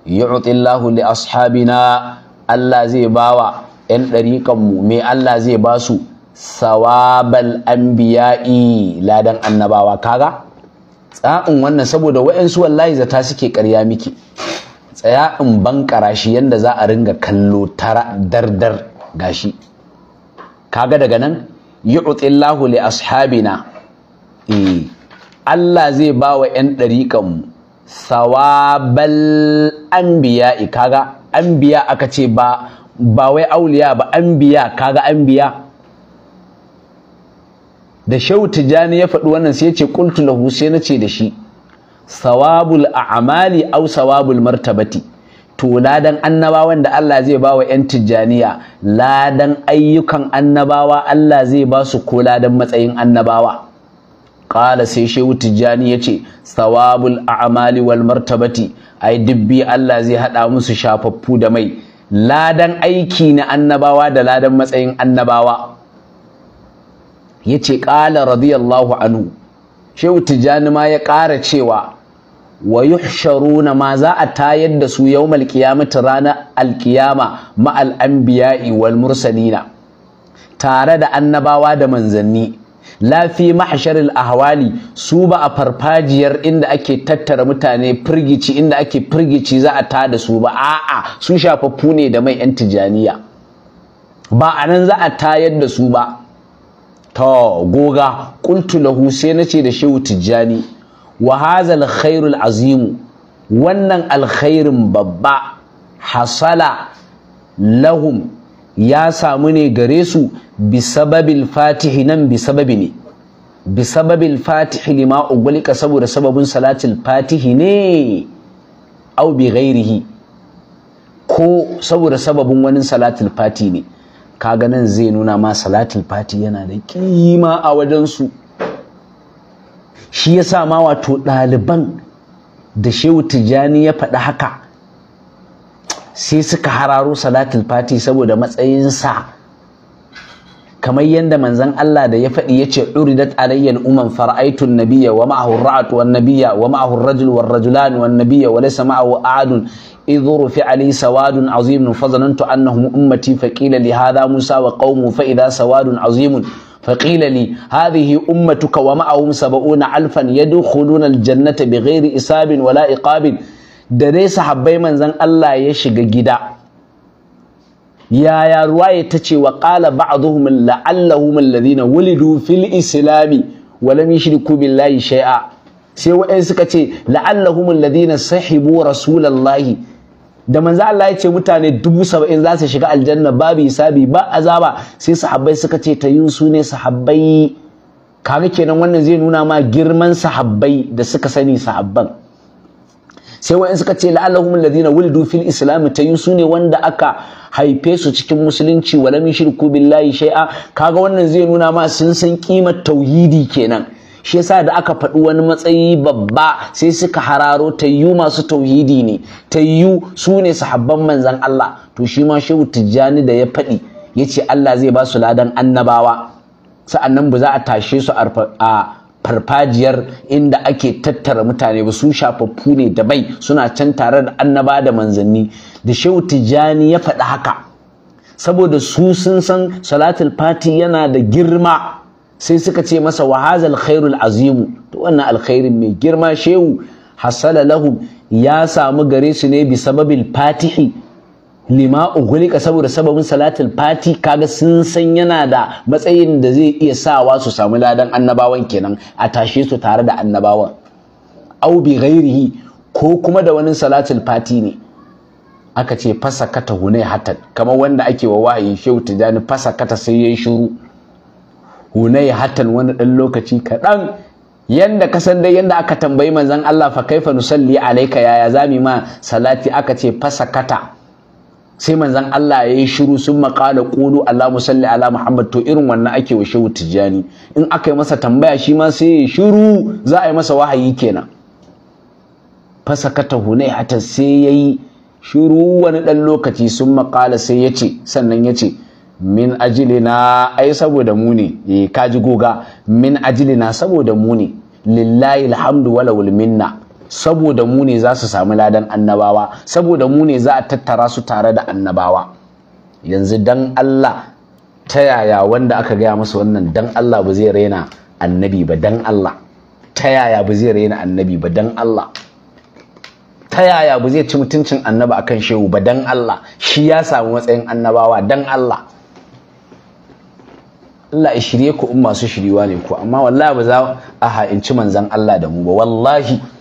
yi'utillahu li ashabina Allah zai bawa 'yan ɗariƙanmu me Allah zai ba su sawabal anbiya'i ladan annabawa kaga tsa'in wannan saboda wa'yansu wallahi zata suke ƙarya miki tsaya in bankara shi yanda za a ringa kallo tara dardar gashi kaga daga nan yu'tillahu li ashabina eh Allah zai ba wa 'yan ɗariƙanmu sawabal anbiya'i kaga anbiya aka ce ba ba wai auliya ba an anbiya kaga biya? da shau Tijjani ya faɗi wannan sai ya ce ƙultu lahu sai ce da shi sawabul a'mali au sawabul martabati to ladan annabawan da Allah zai ba wa 'yan tijjaniya ladan ayyukan annabawa Allah zai ba su ko ladan matsayin annabawa ƙala sai shehu tijjani ya ce sawabul a'mali wal martabati ai dubbi Allah zai haɗa musu shafaffu da mai ladan aiki na annabawa da ladan matsayin annabawa ya ce ƙala radiyallahu anhu shehu tijjani ma ya ƙara cewa wa yuhsharuna ma za a tayar da su yawmal qiyamati ranar alkiyama ma al wal mursalina tare da annabawa da manzanni lafi mahasharil ahwali su ba a farfajiyar inda ake tattara mutane firgici inda ake firgici za a da su ba a'a su shafaffu ne da mai yan tijaniya ba a nan za a tayar da su ba to goga qultu lahu sai ce da shehu Tijjani wa hazal khairul azim wannan alkhairin babba hasala lahum ya samu ne gare su bisababil fatihi nan bisababi ne bisababil fatihi lima ugulika saboda sababin salatin fatihi ne au bi gairihi ko saboda sababin wani salatin fatihi ne kaga nan zai nuna ma salatin fati yana da kima a wajensu shi ya sa ma wato ɗaliban da shehu tijjani ya faɗi haka sai suka hararo salatul fati saboda matsayinsa kamar yadda manzon Allah da ya faɗi ya ce uridat alayya umman fara'aitun nabiyya wa ma'ahu ra'at wan nabiyya wa ma'ahu rajul wan rajulan wan nabiyya wa laysa ma'ahu ahadun idh rufi ali sawadun azimun fazanantu annahum ummati faqila li hadha musa wa qaumu fa idha sawadun azimun فقيل لي هذه أمتك ومعهم سبعون ألفا يدخلون الجنة بغير إساب ولا إقاب da dai sahabbai manzan Allah ya shiga gida yaya ruwaya ta ce wa qala ba'dhum la'allahum alladhina wulidu fil islami wa lam yushriku billahi shay'a sai wa'ai suka ce la'allahum alladhina sahibu rasulallahi da manzo Allah ya ce mutane dubu saba'in za su shiga aljanna babu hisabi ba azaba sai sahabbai suka ce ta yin su ne sahabbai kaga kenan wannan zai nuna ma girman sahabbai da suka sani sahabban sai wa'in suka ce la'allahum alladhina wuldu fil islam tayu sune wanda aka haife su cikin musulunci wa lam yushriku billahi shay'a kaga wannan zai nuna ma sun san kimar tauhidi kenan shi yasa da aka faɗi wani matsayi babba sai suka hararo tayyu masu tauhidi ne tayyu su ne sahabban manzan Allah to shi ma shehu tijjani da ya faɗi yace Allah zai ba su ladan annabawa sa'annan ba za a tashe su a farfajiyar inda ake tattara mutane ba su shafaffu ne da bai suna can tare da annaba da manzanni da shehu tijjani ya faɗi haka saboda su sun san salatul fati yana da girma sai suka ce masa wahazal khairul azimu to wannan alkhairin mai girma shehu hasala lahum ya samu gare su ne bi sababil fatihi lima ugulika saboda sababin salatul fati kaga sun san yana da matsayin da zai iya sawa su samu ladan annabawan kenan a tashe su tare da annabawan au bi ghairihi ko kuma da wani salatul fati ne aka ce fasa kata hunai hatan kamar wanda ake wa wahayi shehu tijani fasa kata sai yayi shiru hunai hatan wani dan lokaci kaɗan yanda ka san dai yanda aka tambayi manzon Allah fa kaifa nusalli alayka yaya zami ma salati aka ce fasa kata sai manzan Allah ya yi shiru sun maƙala ƙulu Allah musalli ala Muhammad to irin wannan ake wa shehu tijjani in aka yi masa tambaya shi ma sai ya shiru za a yi masa wahayi kenan Fasa kata hunai hata sai ya yi shiru wani ɗan lokaci sun maƙala sai ya ce sannan ya ce min ajilina ai saboda mu ne eh, kaji goga min ajilina saboda mu ne lillahi alhamdu wala minna saboda mu ne za su samu ladan annabawa saboda mu ne za a tattara su tare da annabawa yanzu dan Allah ta yaya wanda aka gaya masa wannan dan Allah ba zai raina annabi ba dan Allah ta yaya ba zai raina annabi ba dan Allah ta yaya ba zai ci mutuncin a akan shehu ba dan Allah shi ya samu matsayin annabawa dan Allah Allah ya shirye ku in masu shiriwa ne ku amma wallahi ba za a ha'inci manzon Allah da mu ba wallahi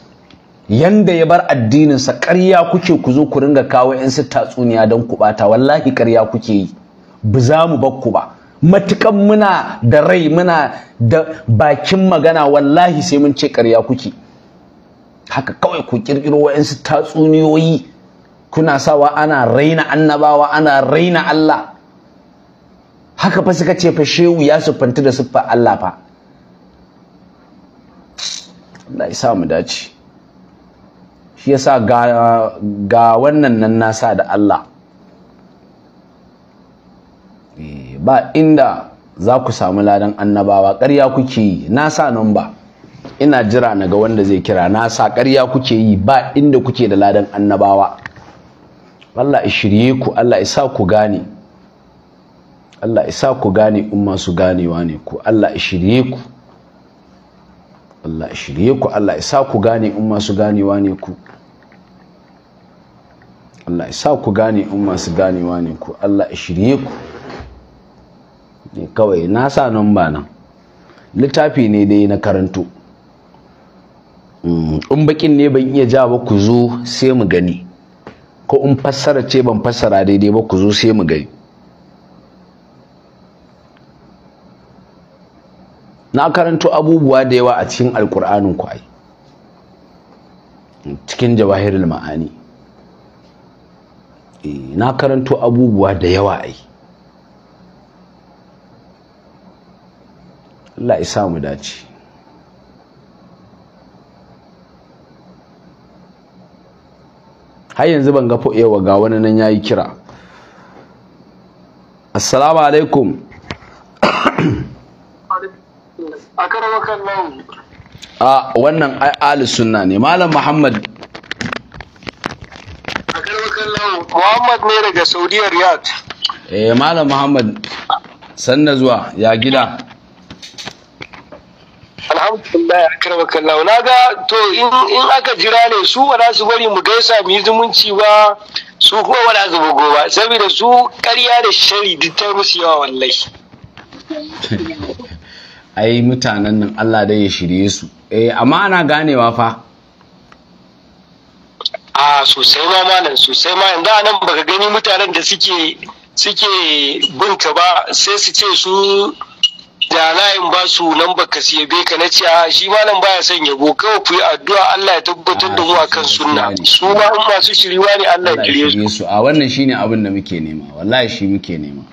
yanda ya bar addininsa ƙarya kuke ku zo ku ringa kawo 'yansu tatsuniya don ku bata wallahi ƙarya kuke yi ba za mu bakku ba matukan muna da rai muna da bakin magana wallahi sai mun ce ƙarya kuke haka kawai ku ƙirƙiro wa'yansu tatsuniyoyi kuna sawa ana raina annabawa ana raina Allah haka fa suka ce fa shehu ya siffanta da siffar Allah fa Allah ya sa mu dace shi yasa ga ga wannan nan nasa da Allah eh, ba inda za ku samu ladan annabawa ƙarya kuke yi na sa nan ba ina jira na ga wanda zai kira na sa ƙarya kuke yi ba inda kuke da ladan annabawa Allah ya shirye ku Allah ya sa ku gane Allah ya sa ku gane in masu ganewa ne ku Allah ya shirye ku Allah ya shirye ku Allah ya sa ku gane in masu ganewa ne ku Allah sa ku gane in masu ganewa ne ku Allah ya shirye ku ne kawai na sa nan ba nan littafi ne dai na karanto mm, in bakin ne ban iya ja ba ku zo sai mu gani ko in fassara ce ban fassara daidai ba ku zo sai mu gani na karanto abubuwa da yawa a cikin alkur'anin ku cikin jawahirul ma'ani Eh, na karanto abubuwa da yawa ai Allah ya samu dace har yanzu ban ga yawa ga wani nan yayi kira assalamu alaikum a wannan ai sunna ne malam muhammad Muhammad ne daga Saudiya Riyadh. Eh Malam Muhammad sanna zuwa ya gida. Alhamdulillah ya karba kallahu na ga to in aka jira ne su wada su bari mu gaisa mu yi zumunci ba su kuma wada su bugo ba saboda su ƙarya da shari duk ta musu yawa wallahi. Ai mutanen nan Allah dai ya shirye su. Eh amma ana ganewa fa. a sosai ma malam sosai ma yanzu a nan baka gani mutanen da suke suke bin ka ba sai su ce su da layin ba su nan baka siya be ka na ce a shi malam baya son yabo kawai ku yi addu'a Allah ya tabbatar da mu akan sunna su ma in masu shiriwa ne Allah ya kire su a wannan shine abin da muke nema wallahi shi muke nema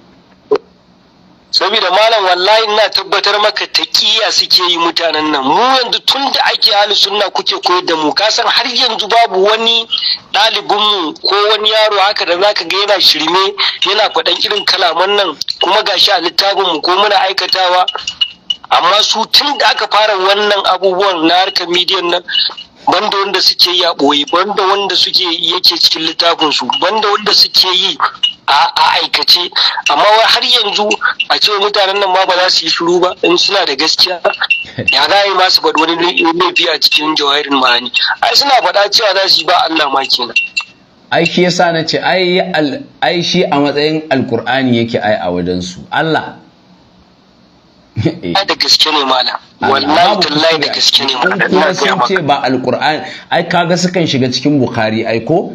saboda malam wallahi ina tabbatar maka taqiya suke yi mutanen nan mu yanzu tun da ake hali sunna kuke koyar da mu ka san har yanzu babu wani ɗalibinmu mu ko wani yaro haka da zaka ga yana shirme yana faɗan irin kalaman nan kuma gashi a littafin mu ko muna aikatawa amma su tun da aka fara wannan abubuwan na harkar midiyan nan banda wanda suke yi a ɓoye banda wanda suke yake cikin littafin su banda wanda suke yi a aikace amma har yanzu a ce mutanen nan ma ba za su yi shiru ba in suna da gaskiya ya za yi masu faɗi wani laifi a cikin jawahirin ma'ani ai suna faɗa cewa za su yi ba Allah ma kenan ai shi yasa na ce ai shi a matsayin alkur'ani yake ai a wajen su Allah da gaske ne malam wallahi tallahi da gaske ne malam kuma sun ce ba alkur'ani ai kaga sukan shiga cikin bukhari ai ko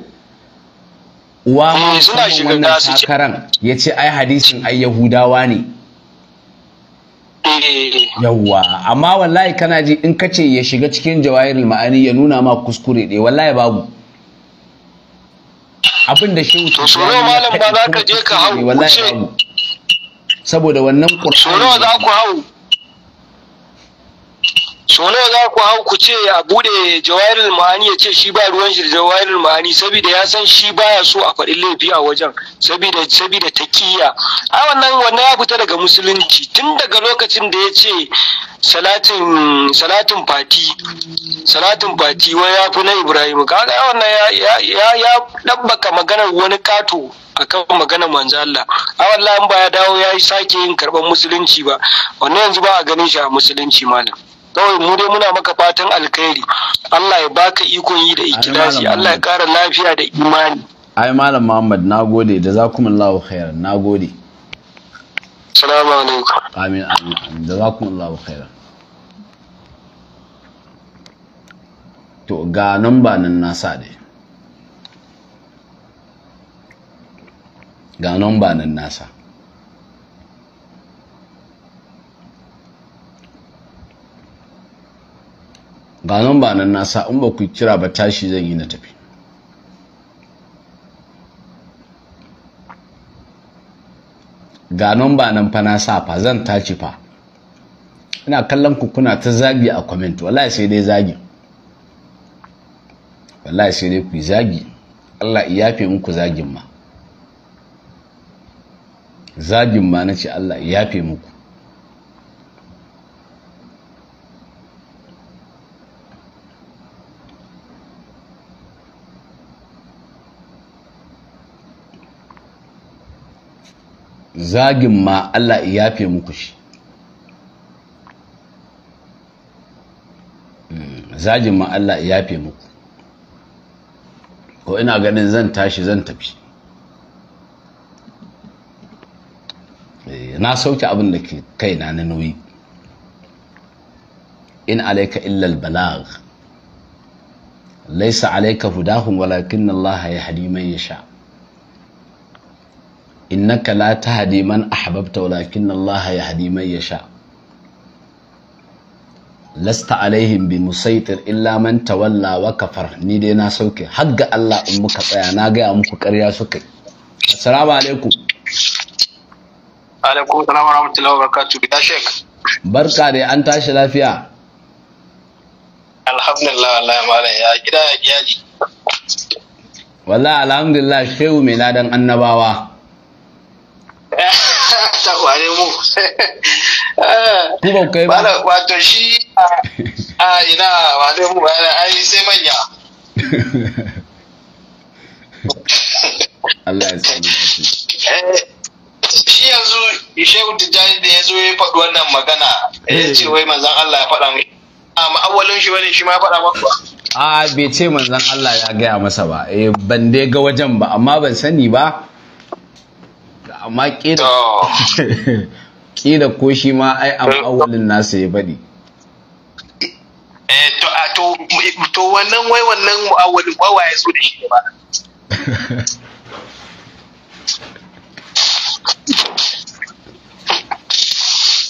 uwa eh, ma suna shiga wannan takaran ya ce ai hadisin ai yahudawa ne eh. yawwa amma wallahi kana ji in kace ya shiga cikin jawahirul ma'ani ya nuna ma kuskure ɗaya wallahi babu abin da shehu to so nawa malam ba za ka je ka hau wallahi babu saboda wannan qur'ani so za ku hau so nawa za ku hau ku ce a bude jawairul ma'ani ya ce shi ba ruwan shi da jawairul ma'ani saboda ya san shi baya so a faɗi laifi a wajen saboda saboda kiyya a wannan wannan ya fita daga musulunci tun daga lokacin da ya ce salatin salatin fati salatin fati wai ya fi na Ibrahim kaga wannan ya ya dabbaka maganar wani kato akan maganar manzo Allah a wallahi ba ya dawo ya sake yin karban musulunci ba wannan yanzu ba a ganin shi a musulunci malam kawai mu dai muna maka fatan alkhairi Allah ya baka ikon yi da ikilasi Allah ya kara lafiya da imani ai malam Muhammad nagode da zakumullahu khairan nagode assalamu alaikum amin amin da zakumullahu khairan to ga namba nan nasa dai ga namba nan nasa ga nan ba nan nasa in ba ku kira ba tashi zan yi na tafi ga nan ba nan fa nasa fa zan tace fa ina kallon ku kuna ta zagi a comment wallahi sai dai zagi wallahi sai dai ku yi zagi Allah ya yafe muku zagin ma zagin ma nace Allah ya yafe muku zagin ma Allah ya fi muku shi hmm, zagin ma Allah ya fi muku ko ina ganin zan tashi zan tafi eh, na sauke abin da ke kaina na nauyi in alaika illal balag laisa alaika hudahun walakin Allah ya hadi man sha. innaka la tahdi man ahbabta walakin Allah yahdi man yasha lasta alaihim bi musaitir illa man tawalla wa kafar ni dai na sauke har ga Allah in muka tsaya na gaya muku ƙarya suka assalamu alaikum alaikum salam wa rahmatullahi wa barakatuh bi shek barka dai an tashi lafiya alhamdulillah wallahi malam ya gida ya giyaji wallahi alhamdulillah shehu mai ladan annabawa ta kware mu kuma kai ba wato shi a ina wale mu ba ai sai manya Allah ya sani eh, shi yanzu shehu tijjani da ya zo ya faɗi wannan magana ya eh. ce wai manzan Allah ya faɗa mai amma awalin shi bane shi ma faɗa maka a bai ce manzan Allah ya gaya masa ba eh, ban dai ga wajen ba amma ban sani ba amma kila oh. ko shi ma ai an eh. awalin nasa ya faɗi eh, ah, to wannan wai wannan awalin wawa ya so da shi ba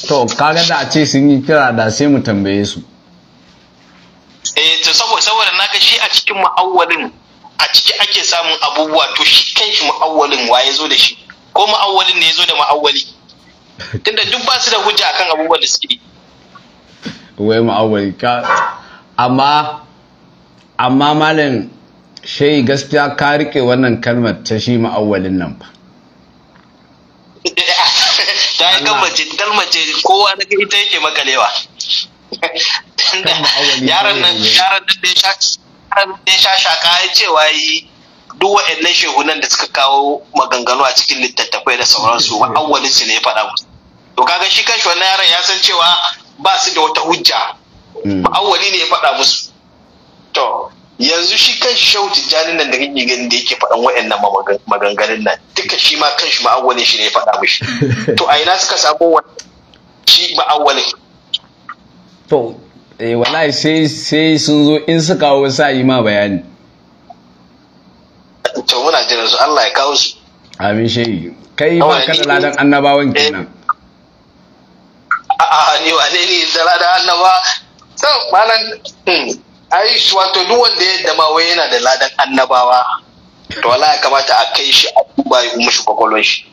to kaga da a ce sun yi kira da sai mu tambaye su eh to saboda saboda ga shi a cikin mu'awwalin a ciki ake samun abubuwa to shi kanshi mu'awwalin wa ya zo da shi ko ma'awalin ne ya zo da ma'awali? tunda duk ba su da hujja akan abubuwan da suke wai ma'awali, ka amma amma malam shai gaskiya ka rike wannan kalmar ta shi ma'awalin nan ba ta yi kalmace kalmace kowa na ita yake makalewa yaran nan yaran nan da ya sha shaka ya ce wayi duk wa'annan shehunan da suka kawo maganganu a cikin littattafai da sauransu ba awwalin su ne ya faɗa musu to kaga shi kanshi wannan yaron ya san cewa ba su da wata hujja hmm. ba awwali ne ya faɗa musu to yanzu shi kanshi shehu tijjani nan da kake ganin da yake faɗan wa'annan maganganun nan duka shi ma kanshi ma awwalin shi ne ya faɗa mishi to a ina suka samu shi ba awwalin to eh wallahi sai sai sun zo in suka kawo sa yi ma bayani to muna jiran su Allah ya kawo su amin shehi kai ba ka ladan annabawan kenan eh, a'a ni wane ne da ladan annaba to malan hmm, ai wato duk wanda ya dama wai yana da ladan annabawa to wala ya kamata a kai shi a duba yi mushi kwakwalwar shi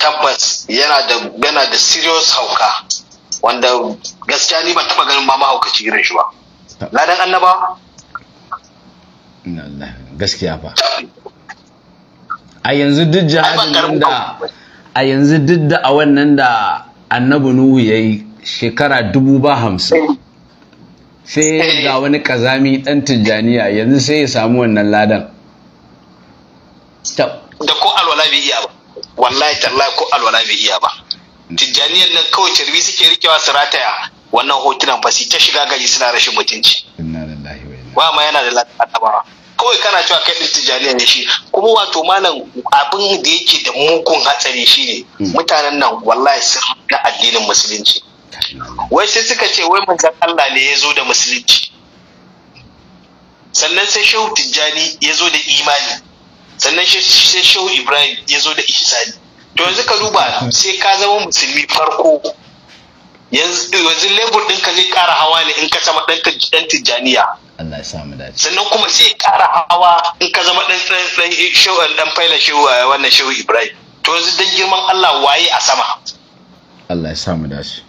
tabbas yana da yana da serious hauka wanda gaskiya ni ba taba ganin ma mahaukaci irin shi ba ladan annabawa gaskiya fa a yanzu duk jihadin da a yanzu duk da a wannan da annabi nuhu ya yi shekara dubu ba hamsin sai ga wani kazami dan tijjaniya yanzu sai ya samu wannan ladan da ko alwala bai iya ba wallahi tallahi ko alwala bai iya ba tijjaniyan nan kawai cirbi suke rikewa su rataya wannan hotunan fasi ta shiga gari suna rashin mutunci wa ma yana da lafiya kawai kana cewa kai din tijjaniya ne shi kuma wato malam abin da yake da mugun hatsari shi ne hmm. mutanen nan wallahi sun na addinin musulunci wai sai suka ce wai manzan Allah ne ya zo da musulunci sannan sai shehu tijjani ya zo da imani sannan sai shehu ibrahim ya zo da ihsani to yanzu ka duba sai ka zama musulmi farko yanzu lebur din ka zai ƙara hawa ne in ka zama ɗan tijjaniya Allah ya samu dace sannan kuma sai ƙara hawa in ka zama ɗan ɗan ɗan dan ɗan faila shehu eh, wannan shehu Ibrahim to yanzu dan girman Allah waye a sama Allah ya samu dace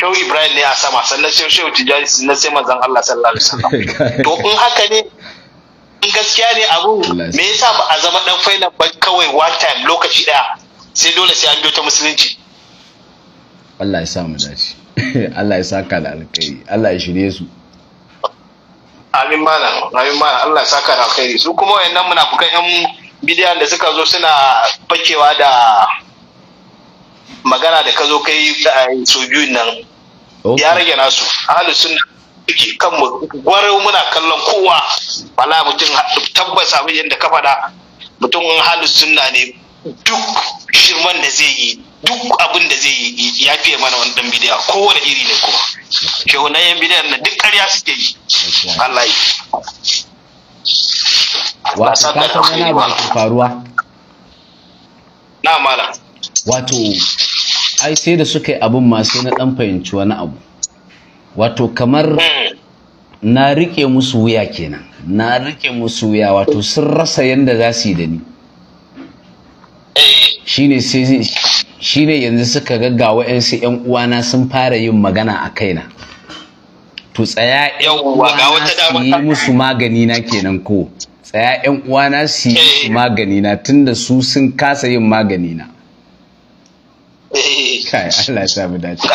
Shehu Ibrahim ne a sama sannan shehu shehu tijjani sannan sai manzon Allah sallallahu alaihi wasallam to in haka ne in gaskiya ne abu me yasa ba a zama ɗan faila ba kawai one time lokaci ɗaya sai dole sai an biyo ta musulunci Allah ya sa mu dace Allah ya sa ka da alkhairi Allah ya shirye su amin malam amin malam Allah ya sa ka da alkhairi su kuma wayannan kuka yan bidiyon da suka zo suna fakewa da magana da ka zo kai su biyu nan ya rage nasu ahlus sunna suke kan mu gwarau muna kallon kowa wala mutum tabbas abin da ka faɗa mutum in suna sunna ne duk shirman da zai yi duk abin da zai ya fiye mana wani dan bidiya kowane iri ne kuma shehu na yan bidiyan na duk ƙarya suke yi Allah yi wato ka san wani abu ke faruwa na mala wato ai sai da suka yi abin ma sai na dan fahimci wani abu wato kamar hmm. na rike musu wuya kenan na rike musu wuya wato sun rasa yadda za su yi da ni eh. shine sai shine yanzu suka ga ga wa'ansu yan uwana sun fara yin magana a kaina to tsaya yan uwana su yi musu magani na kenan eh. ko tsaya yan uwana su yi musu magani na tunda su sun kasa yin magani na eh. kai Allah ya samu dace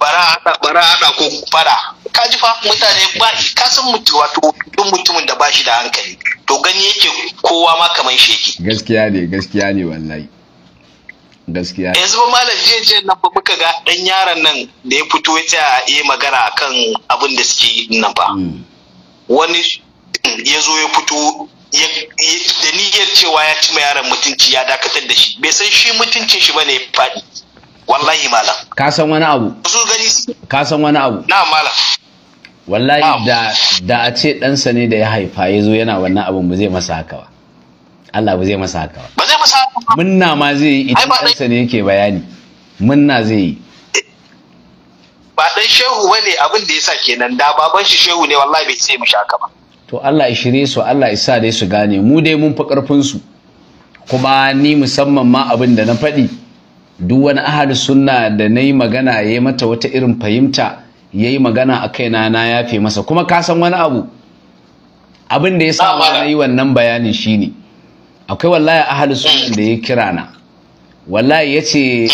bara bara hada ko fara ka ji fa mutane ba ka san mutu wato duk mutumin da ba shi da hankali to gani yake kowa ma kaman shi yake gaskiya ne gaskiya ne wallahi gaskiya yanzu ba malam jiya jiya nan ba muka ga dan yaron nan da ya fito ya tsaya ya magana akan abin da suke nan ba hmm. wani ya zo ya fito da niyyar cewa ya ci ma yaron mutunci ya dakatar da shi bai san shi mutuncin shi bane ya faɗi wallahi malam ka san wani abu ka san wani abu na malam wallahi da da a ce ɗansa ne da ya haifa ya zo yana wannan abun ba zai masa haka ba Allah ba zai masa haka ba zai masa haka munna ma zai yi idan ɗansa ne yake bayani munna zai yi ba ɗan shehu bane abin da yasa kenan da baban shi shehu ne wallahi bai sai mishi haka ba to Allah ya shirye su Allah ya sa dai su gane mu dai mun fi ƙarfin su kuma ni musamman ma abin da na faɗi duk wani ahadu sunna da na yi magana ya yi mata wata irin fahimta ya yi magana a kaina na yafe masa kuma ka san wani abu abin da ya sa na yi wannan bayanin shine akwai wallahi ahli sunan da ya kira na wallahi ce,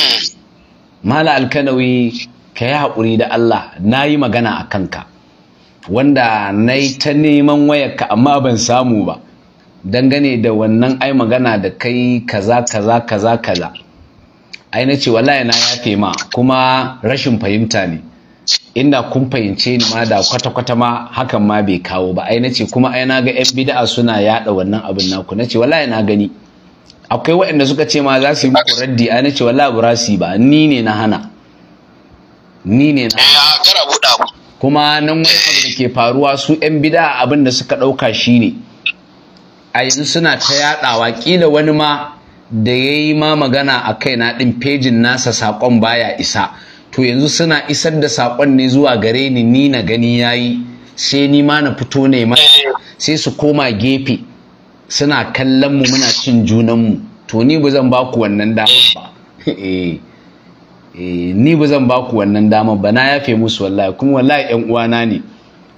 mala alkanawi ka yi haƙuri da Allah na yi magana a kanka wanda na yi ta neman wayarka amma ban samu ba dangane da wannan ai magana da kai kaza kaza kaza kaza ai na ce wallahi na yafe ma kuma rashin fahimta ne inda kun fahimce ni ma da kwata-kwata ma hakan ma bai kawo ba ai nace kuma ai na ga yan bid'a suna yada wannan abin naku nace wallahi na gani akwai waɗanda suka ce ma za su yi muku raddi ai nace wallahi ba su ba ni ne na hana ni ne na hana eh, kuma nan wani abu da ke faruwa su yan bid'a abin da suka ɗauka shine a yanzu suna ta yadawa ƙila wani ma da ya yi ma magana a na ɗin fejin nasa saƙon baya isa to yanzu suna isar da sakon ne zuwa gare ni ni na gani yayi sai ni ma na fito ne ma sai su koma gefe suna kallon mu muna cin junan mu, to ni ba zan baku wannan dama ba eh, eh, ni ba zan baku wannan dama ba na yafe musu wallahi kuma wallahi yan uwana ne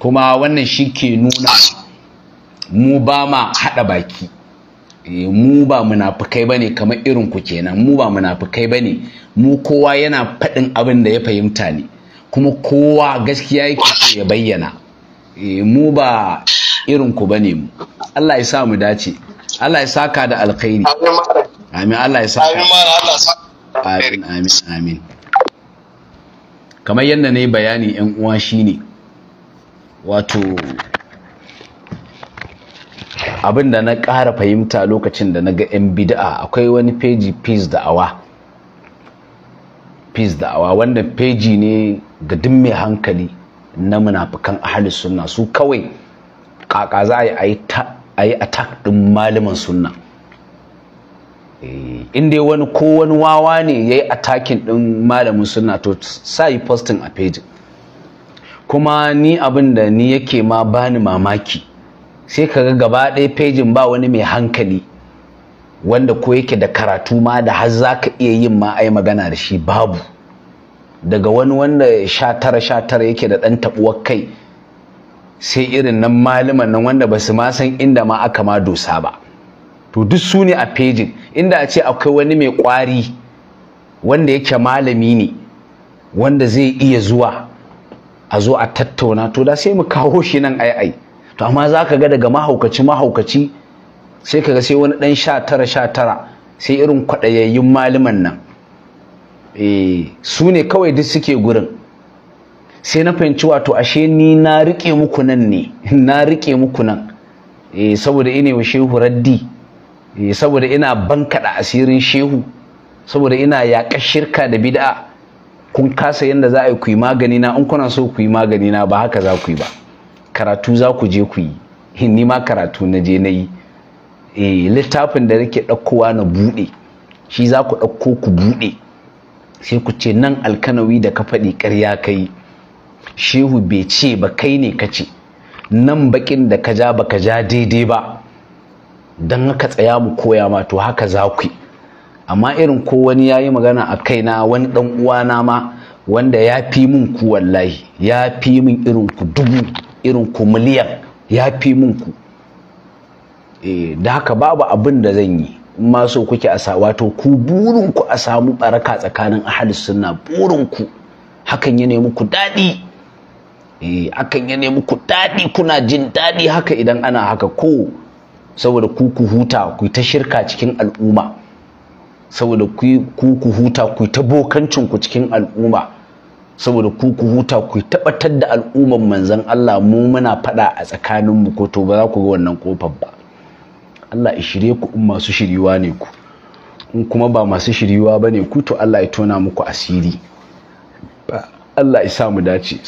kuma wannan shi ke nuna mu ba ma haɗa baki Eh, mu ba munafukai bane kamar irin ku kenan mu ba munafukai bane mu kowa yana faɗin abin da ya fahimta ne kuma kowa gaskiya yake so ya bayyana eh, mu ba irin ku ba ne mu Allah ya sa mu dace Allah ya saka da alkhairi amin Allah ya saka amin amin amin kamar yadda na yi bayani yan uwa shine wato abin da na ƙara fahimta lokacin da na ga 'yan bida'a akwai wani feji peace da awa peace da awa wanda feji ne ga duk mai hankali na munafukan ahli sunna su kawai ƙaƙa za a yi attack din malamin sunna eh, Inda wani ko wani wawa ne ya yi attacking din malamin sunna to sa yi posting a feji. kuma ni abin da ni yake ma bani mamaki sai ka ga gaba ɗaya fejin ba wani mai hankali wanda ko yake da karatu ma da har za ka iya yin ma ai magana da shi babu daga wani wanda sha tara sha tara yake da ɗan taɓuwar kai sai irin nan malaman nan wanda ba su ma san inda ma aka ma dosa ba to duk su ne a fejin inda a ce akwai wani mai ƙwari wanda yake malami ne wanda zai iya zuwa a zo a tattauna to da sai mu kawo shi nan ai ai to amma za ka ga daga mahaukaci mahaukaci sai ka ga sai wani ɗan sha tara sha tara sai irin kwaɗayayyun maliman nan eh, su ne kawai duk suke gurin sai na fahimci wato ashe ni na riƙe muku nan ne na riƙe muku nan eh, saboda ina wa shehu raddi eh, saboda ina bankaɗa asirin shehu saboda ina yaƙar shirka da bid'a kun kasa yadda za a yi ku yi magani in kuna so ku yi magani na ba haka za ku yi ba karatu za ku je ku yi ni ma karatu na je na yi eh, littafin da nake ɗaukowa na buɗe shi za ku ɗauko ku buɗe sai ku ce nan alkanawi da ka faɗi ƙarya kai shehu bai ce ba kai ne ka ce nan baƙin da ka ja ba ka ja daidai ba don haka tsaya mu koya ma to haka za ku yi amma irin ko wani ya yi magana a kaina wani ɗan uwana ma wanda ya fi min ku wallahi ya fi min irin ku dubu irin ku miliyan ya fi mun ku eh, da haka babu abin da zan yi in ma so kuke a sa wato ku burinku a samu baraka tsakanin ahli Suna burin ku hakan ya nemi ku daɗi eh hakan ya nemi ku daɗi kuna jin daɗi haka idan ana haka ko saboda ku ku huta ku ta shirka cikin al'umma saboda ku ku huta ku ta bokancin ku cikin al'umma saboda ku ku huta ku tabbatar da al'umman manzon Allah mu muna fada a tsakanin mu ko to ba za ku ga wannan kofar ba Allah ya shirye ku in masu shiriwa ne ku in kuma ba masu shiriwa bane ku to Allah ya tona muku asiri Ba Allah ya sa mu dace